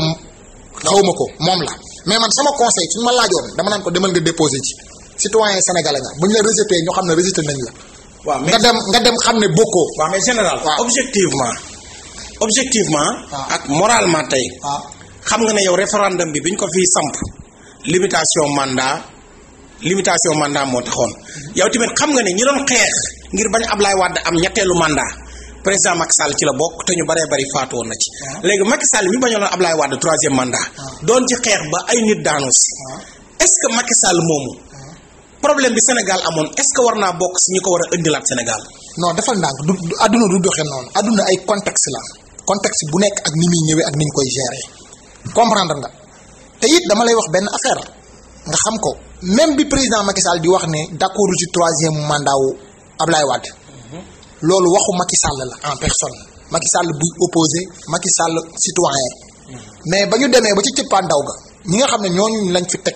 Speaker 2: xawma ko moom la mais man sama conseil suñ ma laajoon dama naan ko demal nga déposer ci citoyen sénégalais nga bu ñu la rejeté ñu xam ne rejeté nañ la. waaw mais nga
Speaker 1: dem nga dem xam ne bokkoo. waaw mais général. waaw objectivement. objectivement. ak moralement tey. xam nga ne yow référendum bi biñ ko fiy samp limitation mandat. limitation mandat moo taxoon yow tamit xam nga ne ñi doon xeex ngir bañ Ablaye Wade am ñetteelu mandat président Macky Sall ci la bokk te ñu baree bari faatu woon na ci. Ah. léegi Macky Sall mi bañoon Ablaye Wade troisième mandat. Ah. doon ci xeex ba ay nit daanu si. Ah. est-ce que Macky Sall moomu. problème bi Sénégal amoon est-ce que war naa bokk si ñu ko war a indilaat Sénégal.
Speaker 2: noo defal ndànk du adduna du noonu adduna ay contexte la contexte bu nekk ak ni muy ñëwee ak ni ñu koy gérer comprendre nga te it dama lay wax benn affaire. nga xam ko même bi président Macky Sall di wax ne d'accord ci troisième mandat wu Ablaye Wade mhm. loolu waxu Macky Sall la en personne Macky Sall buy opposé Macky Sall citoyen mhm. mais ba ñu demee ba ci cëppaandaw ga ñi nga xam ne ñooñu lañ fi teg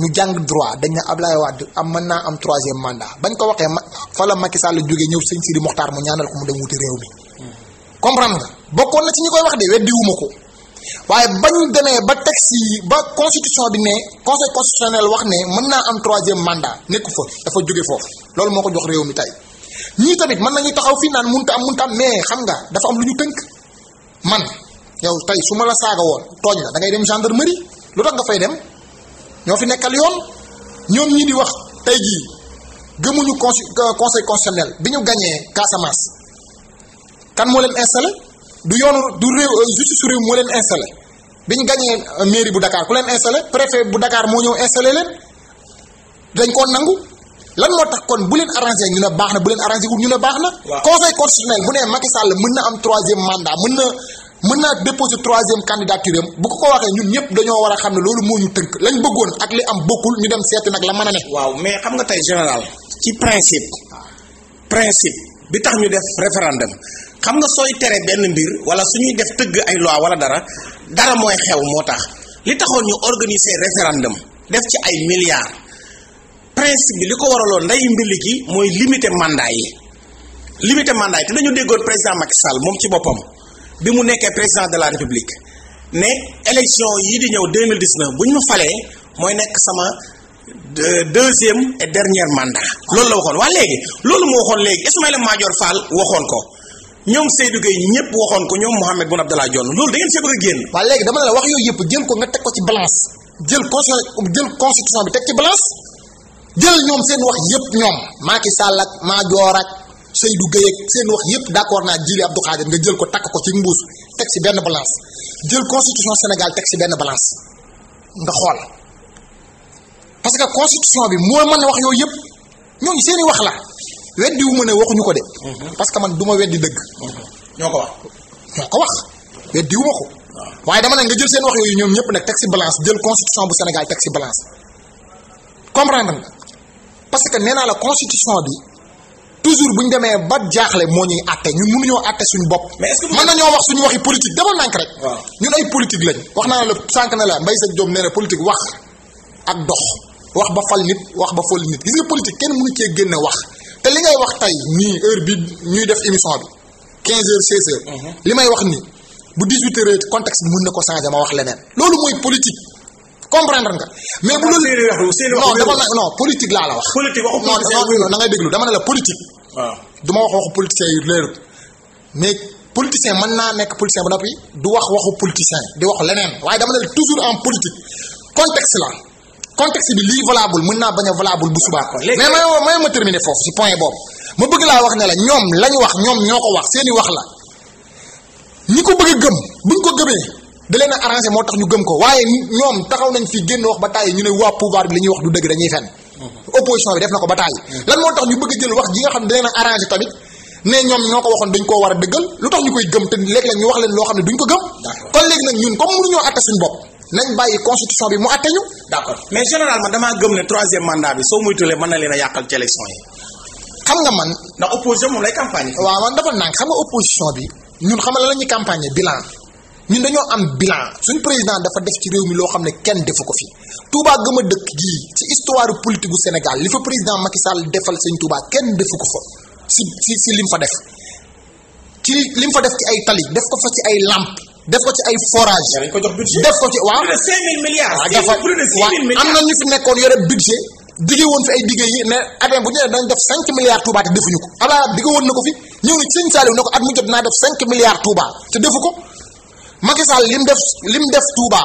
Speaker 2: ñu jàng droit dañ ne Ablaye Wade am mën naa am troisième mandat bañ ko waxee ma fa la Macky Sall jógee ñëw sëñ Sidi Mokhtar mu ñaanal ko mu dem wuti réew mi mhm. comprendre nga bokkoon na ci ñi koy wax de weddiwuma ko. waaye bañ demee ba texte yi ba constitution bi ne conseil constitutionnel wax ne mën naa am troisième mandat nekku fa dafa jóge foofu loolu moo ko jox réew mi tey ñii tamit mën nañuy taxaw fii naan munta am munta am mais xam nga dafa am lu ñu tënk man yow tey su ma la saaga woon tooñ la da ngay dem gendarmerie lu tax nga fay dem ñoo fi nekkal yoon ñoom ñii di wax tey jii gëmuñu euh, conseil constitutionnel bi ñu gañee Casamance kan moo leen installé du yoonu du réew euh, justice réew moo leen installé bi ñu gañee euh, mairie bu Dakar ku leen installé préfet bu Dakar moo ñëw installé leen dañ koo nangu lan moo tax kon bu leen arrangé ñu ne baax na bu leen arrangé wul ñu ne baax na. conseil constitutionnel bu ne Macky Sall mën na am troisième mandat mën na mën naa déposer troisième candidature am bu ko ko waxee ñun ñëpp dañoo war a xam ne loolu moo ñu tënk lañ bëggoon ak li am bokkul
Speaker 1: ñu dem seet nag la mën a ne. waaw mais xam nga tey général ci principe principe. bi tax ñu def référendum xam nga sooy tere benn mbir wala suñuy def tëgg ay loi wala dara dara mooy xew moo tax li taxoon ñu organiser référendum def ci ay milliards principe bi li ko waraloon nday mbili gi mooy limiter mandat yi limiter mandat yi te dañu déggoon président Macky Sall moom ci boppam bi mu nekkee président de la république ne élection yi di ñëw 2019 bu ñu ma falee mooy nekk sama deuxième et dernier mandat loolu la waxoon waa léegi loolu moo waxoon léegi Ismaïla Madior Fall waxoon ko ñoom Seydou Gueye ñëpp waxoon ko ñoom Mohamed Boun Abdallah Dionne loolu da ngeen see bëgg a génn. waa léegi dama ne wax yooyu yëpp jël ko nga teg ko ci balance jël constitution jël constitution
Speaker 2: bi teg ci balance jël ñoom seen wax yëpp ñoom Macky Sall ak Madior ak Seydou Gueye ak seen wax yëpp d'accord naa Djily Abdou Khadir nga jël ko takk ko ci mbuus teg ci benn balance jël constitution Sénégal teg ci benn balance nga parce que constitution bi moo man a wax yooyu yëpp ñooñu seen i wax la weddi wu ma ne waxuñu ko de. Mhm. parce que man du ma weddi dëgg. Mhm. ñoo ko wax. ñoo ko wax weddi wu ma ko. waaye dama ne nga jël seen wax yooyu ñoom ñëpp nag teg si balance jël constitution bu Sénégal teg si balance. comprendre nga parce que nee naa la constitution bi toujours bu ñu demee ba jaaxle moo ñuy àtte ñun mënuñoo àtte suñu bopp. mais est-ce que mën nañoo wax suñu waxi politique demal nànk rek. ñun ay politique lañ. wax naa la sànq na la Mbaye Sa Diop nee na politique ak dox. wax ba fal nit wax ba fol nit gis nga politique kenn mu ngi cee génne wax te li ngay wax tey nii heure bi ñuy def émission bi 15 heures 16 heures. Mhm. li may wax nii bu 18 heures contexte bi mën na ko changer ma wax leneen. loolu mooy politique comprendre nga. mais bu loolu non dama la la wax. politique waxu non na ngay déglu dama ne la politique. waaw ah. du ma wax waxu politiciens yu leerul mais politicien mën naa nekk politicien ba noppi du wax waxu politicien di wax leneen waaye dama ne la toujours en politique contexte la. contexte bi lii valable mën naa bañ a valable bu subaa ko mais may may ma terminer foofu si point boobu ma bëgg laa wax ne la ñoom lañ wax ñoom ñoo ko wax seeni wax la ñi ko bëgg a gëm buñ ko gëmee da a arrangé moo tax ñu gëm ko waaye ñoom taxaw nañ fi génn wax ba tàyyi ñu ne waa pouvoir bi li ñuy wax du dëgg dañuy fenn mhm. opposition bi ko ba tàyyi mhm. lan moo tax ñu bëgg a wax ji nga xam ne da leen a arrangé tamit ne ñoom ñoo ko waxoon dañ koo war a dëggal lu tax ñu koy gëm te léeg-léeg ñu wax leen loo xam ne duñ ko gëm
Speaker 1: kon léegi nag ñun comme mënuñoo atta suñu bopp nañ bàyyi constitution bi mu àtte ñu. d'accord mais généralement damaa gëm ne troisième mandat bi soo muytulee man na leen a yàqal ci élection yi. xam nga man. ndax opposition
Speaker 2: moom lay campagne. waaw man dafa naan xam nga opposition bi ñun xam nga la ñuy campagne bilan ñun dañoo am bilan suñu président dafa def ci réew mi loo xam ne kenn defu ko fi Touba gëm a dëkk gii ci histoire politique gu Sénégal li fa président Macky Sall defal sëñ Touba kenn defu ko fa si si si lim fa def ci lim fa def ci ay tali def ko fa ci ay làmp def ko ci ay forage def ko ci waa ah, dafa waaw am na ñu fi nekkoon yore budget digge woon fi ay digge yi ne at bu dañ def cinq milliards Touba te defuñu ko Abdoulaye digge woon na ko fi ñëw na Sëñ Saliou ne ko at mu jot naa def cinq milliards Touba te defu ko Macky Sall lim def lim def Touba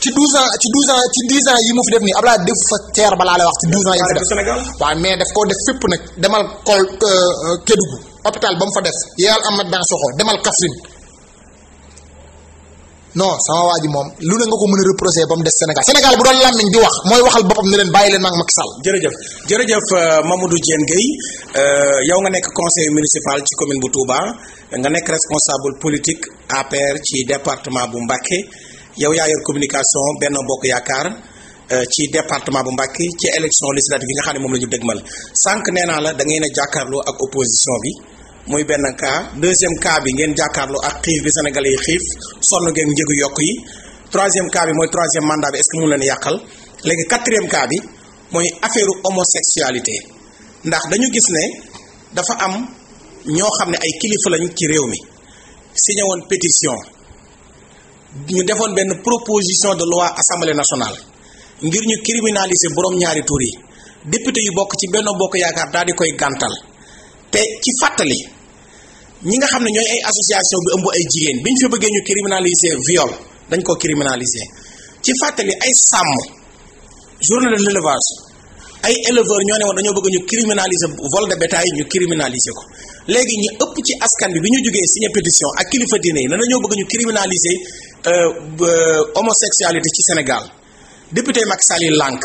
Speaker 2: ci douze ans ci douze ans ci dix ans yi mu fi def nii Abdoulaye def fa teer balaa lay wax ci douze ans yi mu fi def waaw mais daf koo def fépp nag demal kol euh, euh, Kédougou hôpital ba mu fa def am amat dans soxo demal Kaffrine non sama waa ji moom lu ne nga ko mën a reprocher ba mu des Sénégal Sénégal bu doon làmmiñ di wax mooy
Speaker 1: waxal boppam ne leen bàyyi leen maag Macky Sall jërëjëf jërëjëf euh, Mamadou Diène Gueye euh, yow nga nekk conseil municipal ci commune bu Touba nga nekk responsable politique APR ci département bu Mbacké yow yaa yor communication benn Bokk Yaakaar euh, ci département bu Mbacké ci élection législative yi nga xam ne moom la ñu dëgmal sànq nee naa la da ngay na jàkkaarloo ak opposition bi muy benn cas deuxième cas bi ngeen jàkkaarloo ak xiif bi sénégalais yi xiif sonn ngeen njëgu yokk yi troisième cas bi mooy troisième mandat bi est mu leen yàqal léegi quatrième cas bi mooy affaire homosexualité ndax dañu gis ne dafa am ñoo xam ne ay kilifa lañ ci réew mi signé woon pétition ñu defoon benn proposition de loi assemblée nationale ngir ñu criminaliser borom ñaari tur yi député yu bokk ci benn bokk yaakaar daal di koy gàntal. te ci fàttali ñi nga xam ne ñooy ay association bi ëmb ay jigéen bi ñu fi bëggee ñu criminaliser viol dañ ko criminaliser ci fàttali ay sàmm journée de l'élevage ay éleveurs ñoo ne woon dañoo bëgg ñu criminaliser vol de bétail ñu criminaliser ko léegi ñu ëpp ci askan bi bi ñu jógee signé pétition ak kilifa diine yi ne dañoo bëgg ñu criminaliser euh, euh, homosexualité ci Sénégal député Macky Sall lànk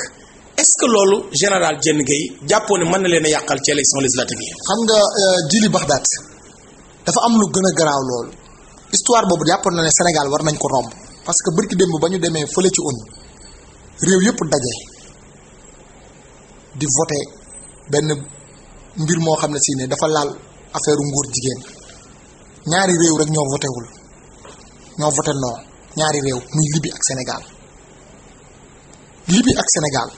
Speaker 1: est-ce que loolu général Diène Gueye jàppoo ne mën na leen a yàqal ci élection législative yi. xam nga
Speaker 2: euh, Djily Bagdad dafa am lu gën a garaaw loolu histoire boobu jàppoon na ne Sénégal war nañ ko romb parce que bërki démb ba ñu demee fële ci ONU réew yëpp daje di voté benn mbir moo xam ne si ne dafa laal affaire nguur jigéen ñaari réew rek ñoo voté ñoo voté non ñaari réew muy Libye ak Sénégal Libye ak Sénégal.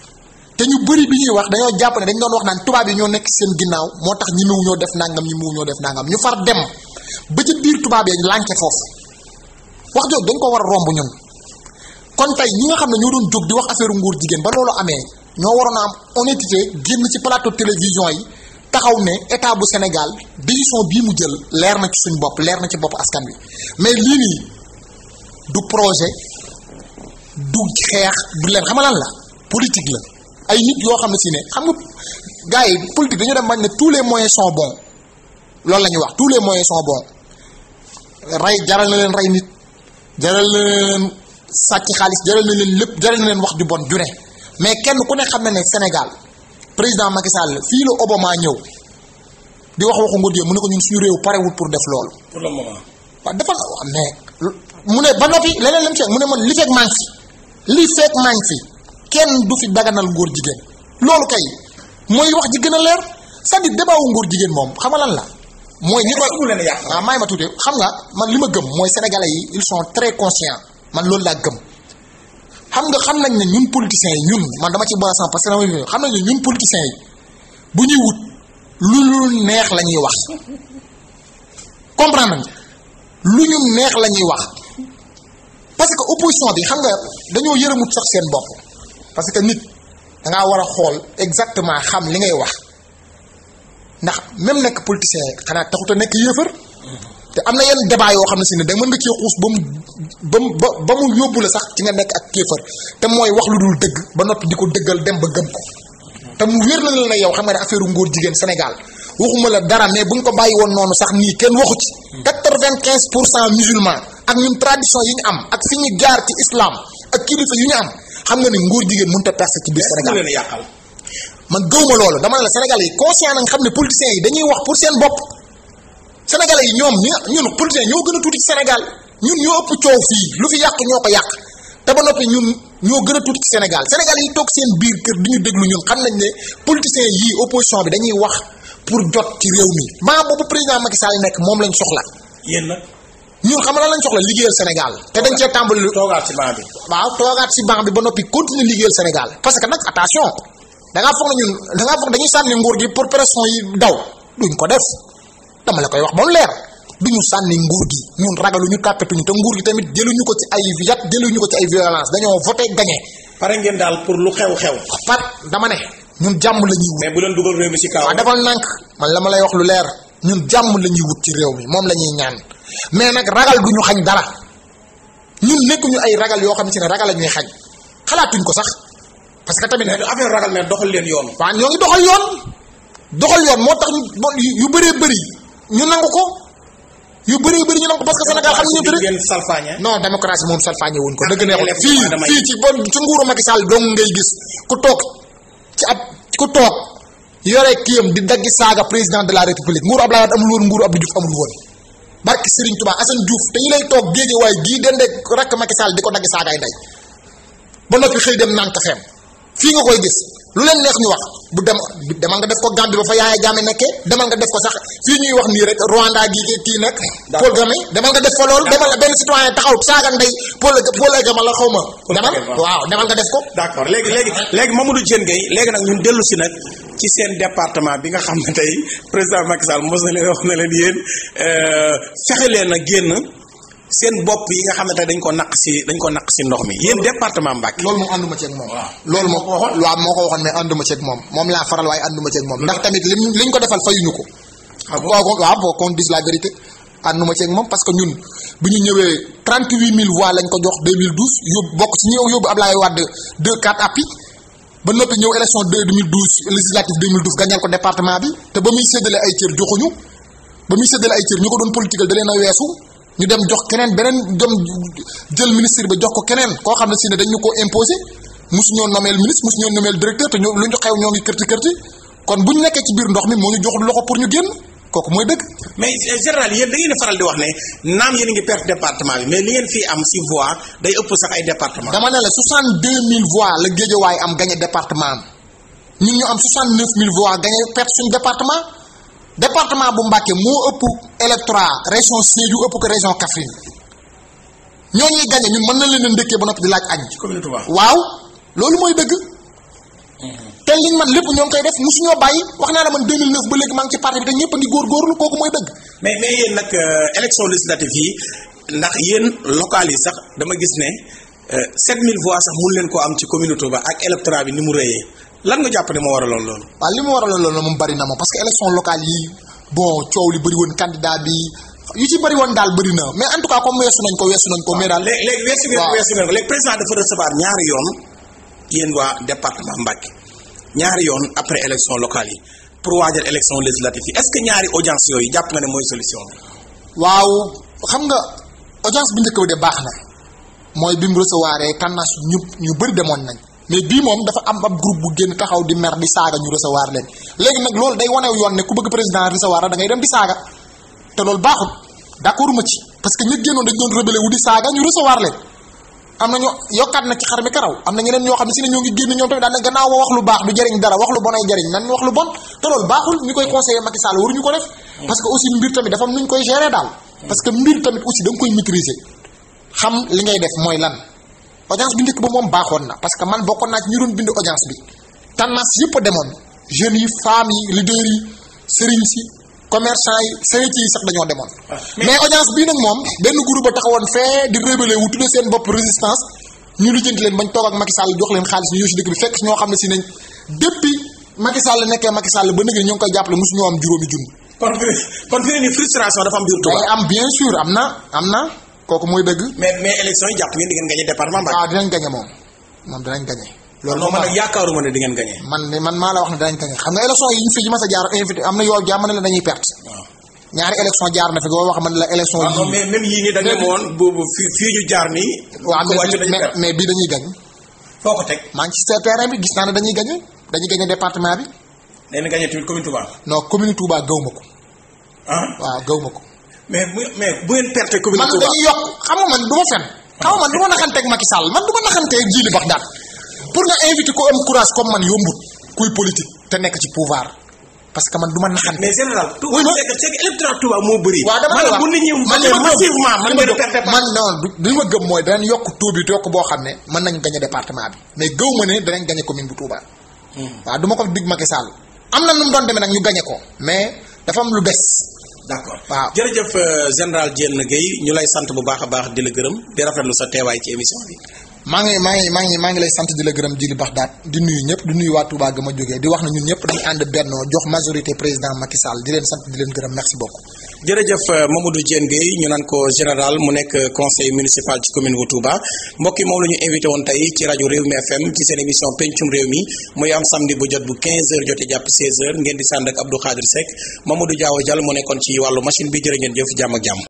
Speaker 2: te ñu bëri bi ñuy wax dañoo jàpp ne dañ doon wax naan tubaab yi ñoo nekk seen ginnaaw moo tax ñi ñoo def nangam ñi ñoo def nangam ñu far dem ba ca biir tubaab yi lànke foofu wax jooju dañ ko war a romb ñun kon tey ñi nga xam ne ñoo doon jóg di wax affaire nguur jigéen ba loolu amee ñoo waroon a am honnêteté génn ci plateau télévision yi taxaw ne état bu Sénégal décision bii mu jël leer na ci suñ bopp leer na ci bopp askan bi mais lii nii du projet du xeex du leen xamalaan la politique la ay nit yoo xam ne si ne xam nga gars yi politique dañoo dem bañ ne tous les moyens sont bons loolu la ñuy wax tous les moyens sont bons rey jaral na leen rey nit jaral na leen sàcc xaalis jaral na leen lépp jaral na leen wax ju bon ju mais kenn ku ne xam na ne Sénégal président Macky Sall fii la Obama ñëw di wax waxu nguur gi mu ne ko ñun suñu réew parewul pour def loolu. pour le moment. waaw dafa mais mu ne ba noppi leneen la mu ci mu ne man li fekk maa ngi fi li fekk maa ngi fi. kenn du fi daganal ngóor jigéen loolu kay mooy wax ji gën a leer c'est-à-dire débat jigéen moom xam nga lan la. mooy ñi ko waaw maay xam nga man li ma gëm mooy sénégalais yi ils très conscients man loolu laa gëm xam nga xam nañ ne ñun politiciens yi man dama ci boisson parce que xam nañ ne ñun politiciens yi bu ñuy wut lu neex la ñuy wax comprendre nañ lu ñu neex la ñuy wax parce que opposition bi xam nga dañoo yërëmut sax seen bopp parce que nit da ngaa war a xool exactement xam li ngay wax ndax même nekk politicien xanaa taxut a nekk yéefar te am na yenn débat yoo xam ne si ne da mën nga cee xuus ba mu ba mu ba mu yóbbu la sax ci nga nekk ak kéefar te mooy wax lu dul dëgg ba noppi di ko dëggal dem ba gëm ko te mu wér na la yow xam nga ne affaire ngóor jigéen Sénégal waxuma la dara mais bu ñu ko bàyyi woon noonu sax nii kenn waxu ci. quatre-vingt-quinze pour cent musulman ak ñun tradition yi ñu am ak fi ñu jaar ci islam ak kilifa yu ñu am. xam nga ni nguur jigéen mënut a percer ci biir Sénégal man gëwma loolu dama ne la Sénégal yi conscient na nga xam ne politiciens yi dañuy wax pour seen bopp Sénégalais yi ñoom ñun politiciens ñoo gën a tuuti ci Sénégal ñun ñoo ëpp coow fii lu fi yàq ñoo ko yàq te ba noppi ñun ñoo gën a tuuti ci Sénégal Sénégalais yi toog seen biir kër di ñu déglu ñun xam nañ ne politiciens yii opposition bi dañuy wax pour jot ci réew mi maa boobu président Macky yi nekk moom lañ soxla yéen nag ñun xam nga lan lañ soxla liggéeyal Sénégal te dañ cee tàmbali toogaat si banc bi waaw toogaat si banc bi ba noppi continuer liggéeyal Sénégal parce que nag attention da ngaa foog na ñun da ngaa foog dañuy sànni nguur gi pour pression yi daw duñ ko def dama la koy wax ba mu sànni nguur gi ñun ragaluñu tàppetuñu te nguur gi tamit jëluñu ko ci ay yat jëluñu ko ci ay violence dañoo voté gagné pare ngeen daal pour lu xew-xew par dama ne ñun jàmm la ñuy wut mais bu leen dugal réew mi si kaw man la ma lay wax lu leer ñun jàmm la ñuy wut ci réew mi moom la ñuy ñaan mais nag ragal du ñu xañ dara ñun nekkuñu ay ragal yoo xam si ne ragal la ñuy xañ xalaatuñ ko sax parce que tamit ne affaire ragal ne doxal leen yoon waaw ñoo ngi doxal yoon doxal yoon moo tax yu bëree bëri ñu nangu ko yu bëree bëri ñu nangu ko parce que Sénégal xam nga ñu bëri non démocratie moom salfaañe wuñ ko dëgg neexul fii fii ci bon ci nguuru Macky Sall dong ngay gis ku toog ci ab ku toog yore kiyam di daggi saaga président de la république nguuru Abdoulaye Wade amul woon nguuru barki Serigne Touba Assane Diouf te yi lay toog géeje waaye gii dende rakk Macky Sall di ko dagg saagaay ndey ba noppi xëy dem naan kafeem fii nga koy gis lu leen neex ñu wax bu dem demal nga def ko Gambie ba fa yaaya jaame nekkee demal nga def ko sax fii ñuy wax nii rek Rwanda gii kii nag. Paul Kagame demal nga def fa loolu demal benn citoyen taxaw saaga ndey Paul Paul Kagame la xaw ma. demal waaw
Speaker 1: demal nga def ko. d'accord léegi léegi léegi Mamadou Diène Gueye léegi nag ñun dellu si nag ci seen département bi nga xam ne tey président Macky Sall mos na leen wax na leen yéen euh, fexe leen a génn seen bopp yi nga xam ne tey dañ ko naq si dañ ko naq si ndox mi yéen département Mbacké. loolu moom ànduma ceeg moom. waaw loolu moo ko waxoon
Speaker 2: waaw moo ko waxoon mais ànduma ceeg moom moom laa faral waaye ànduma ceeg moom. ndax tamit lim liñ ko defal fayuñu ko. Ah waaw waaw boo qu'on dise la vérité. ànduma ceeg moom parce que ñun bi ñu ñëwee 38000 voix lañ ko jox 2012 yóbbu bokk ci ñëw yóbbu Ablaye Wade 2 4 appui. ba noppi ñëw élection 2012 législative 2012 gañal ko département bi te ba muy séddale ay cër joxuñu ba muy séddale ay cër ñu ko doon politique da leen a weesu ñu dem jox keneen beneen dem jël ministre ba jox ko keneen koo xam ne si ne dañ ñu ko imposé mosu ñoo nomeel ministre mosu ñoo nomeel directeur te ñu lu ñu xew ñoo ngi kërti kërti kon bu ñu nekkee ci biir ndox mi moo ñu joxul loxo pour ñu génn.
Speaker 1: kooku mooy dëgg mais euh, général yéen da faral di wax ne naam yéen a ngi perte département bi mais li ngeen fii am si voix day ëpp sax ay département dama
Speaker 2: ne la 62000 voix la Géejawaay am gagné département am ñun ñu am 69000 voix gagné perte suñu département département bu Mbacké moo ëpp électorat région Sédhiou ëpp ko région Kaffrine ñoo ñuy gagné ñun mën na leen a ndëkkee ba noppi di laaj añ. commune Touba waaw loolu mooy dëgg. Mm-hmm. te man lépp ñoo ngi koy def mosuñoo bàyyi wax naa la man ba léegi maa ngi ci parti bi te ñëpp a ngi
Speaker 1: góorgóorlu kooku mooy dëgg. mais mais yéen nag euh, élection législative yi ndax yéen locales yi sax dama gis ne 7000 euh, voix sax mun leen ko am ci commune Touba ak électorat bi ni mu rëyee lan nga jàpp ne moo waraloon loolu.
Speaker 2: waaw li mu waraloon loolu moom bari na ma parce que élection locale yi bon coow li bari woon candidat bi. yu ci bëri woon daal bëri na mais en tout cas comme weesu ko weesu nañ ko. mais daal
Speaker 1: waa département Mbacké ñaari yoon après élection locale yi pour waajal élection législative yi est-ce que ñaari audience yooyu jàpp nga ne mooy solution waaw xam nga audience bu njëkk bi de baax
Speaker 2: na mooy bi mu recevoir tendance ñu ñu bëri demoon nañ mais bii moom dafa am ab groupe bu génn taxaw di mer di saaga ñu recevoir leen léegi nag loolu day wanew yoon ne ku bëgg président recevoir la da ngay dem di saaga te loolu baaxul d'accord ma ci parce que ñi génnoon dañ doon rebelle wu di saaga ñu recevoir leen. am nañu yokkaat nag ci xar mi karaw am na ñeneen ñoo xam ne si ne ñoo ngi génn ñoom tamit daal ne gannaaw wax lu baax du jëriñ dara wax lu bon ay jëriñ nan wax lu bon te baaxul ñu koy conseiller Macky waruñu ko def mm. parce aussi mbir tamit dafa am nuñ koy gérer daal mm. parce mbir tamit aussi da koy maîtriser xam li ngay def mooy lan audience bi njëkk ba moom baaxoon na parce que man bokkoon naa ci ñu doon bind audience bi tendance yëpp a demoon jeunes yi femmes yi leaders yi sëriñ si commercant yi syndicat yi sax dañoo demoon. Ah. mais audience bii nag moom benn groupe ba taxawoon fee di rébellé wu tudde seen bopp résistance ñu lijjanti leen bañ toog ak Macky Sall jox leen xaalis ñu si dëkk bi fekk ñoo xam ne si nañ depuis Macky Sall nekkee Macky Sall ba léegi ñoo ngi koy jàppale mosu ñoo am juróomi junni. kon kon
Speaker 1: fi am biir Touba. am bien sûr am na am na kooku mooy dëgg. mais mais élection yi jàpp ngeen di ngeen gagné département ah, dinañ gagné moom moom dinañ gagné. loolu moom man nag yaakaaruma ne di ngeen gañee
Speaker 2: man man maa la wax ne danañ gañee xam nga élection yi fii yi mas a jaar invité am na yoo jàmm ne la dañuy perte ñaari élection jaar na fi boo wax man la mais même yii nii dañ ne
Speaker 1: ko teg maa ngi ci
Speaker 2: bi gis naa ne dañuy gañe dañuy gañe département bi dañu gañe tamit commune Touba non commune Touba gaw ma ko ah waaw gaw ma ko mais mais bu ngeen perte commune Touba man dañuy yokk xam nga man du ma fen xam nga man du ma naxanteeg Macky Sall man du ma naxanteeg Djily Bagdad pour nga invité ku am courage comme man yombut kuy politique te nekk ci pouvoir parce que man du ma naxante. mais général. oui ma
Speaker 1: c'est que électorat Touba moo
Speaker 2: bëri. waaw dama la wax man bu nit ñi man de massivement man ma non du ma gëm mooy danañ yokk taux bi yokk boo xam ne mën nañ gañe département bi mais gëw ma ne danañ gañe commune bu Touba. Hmm. waaw du ma ko dig Macky Sall am na nu mu doon demee nag ñu gañe ko mais dafa am lu des.
Speaker 1: d'accord waaw jërëjëf euh, général Diène Gueye ñu lay sant bu baax a baax di la gërëm di rafetlu sa teewaay ci émission bi.
Speaker 2: maa ngi maa ngi maa ngi maa ngi lay sant di la gërëm Djily Bagdad di nuyu ñëpp di nuyu waa Touba ga ma jógee di wax na ñun ñëpp dañu ànd bennoo jox majorité président Macky Sall di leen sant di leen gërëm merci beaucoup.
Speaker 1: jërëjëf euh, Mamadou Diène Gueye ñu naan ko général mu nekk euh, conseil municipal ci commune bu Touba mbokk yi moom la ñu invité woon tey ci rajo réew mi FM ci seen émission pencum réew mi muy am samedi bu jot bu 15h jotee jàpp 16h ngeen di sànd ak Abdou Khadir Seck Mamadou Diaw Diall ci wàllu machine bi jërë ngeen jëf jàmm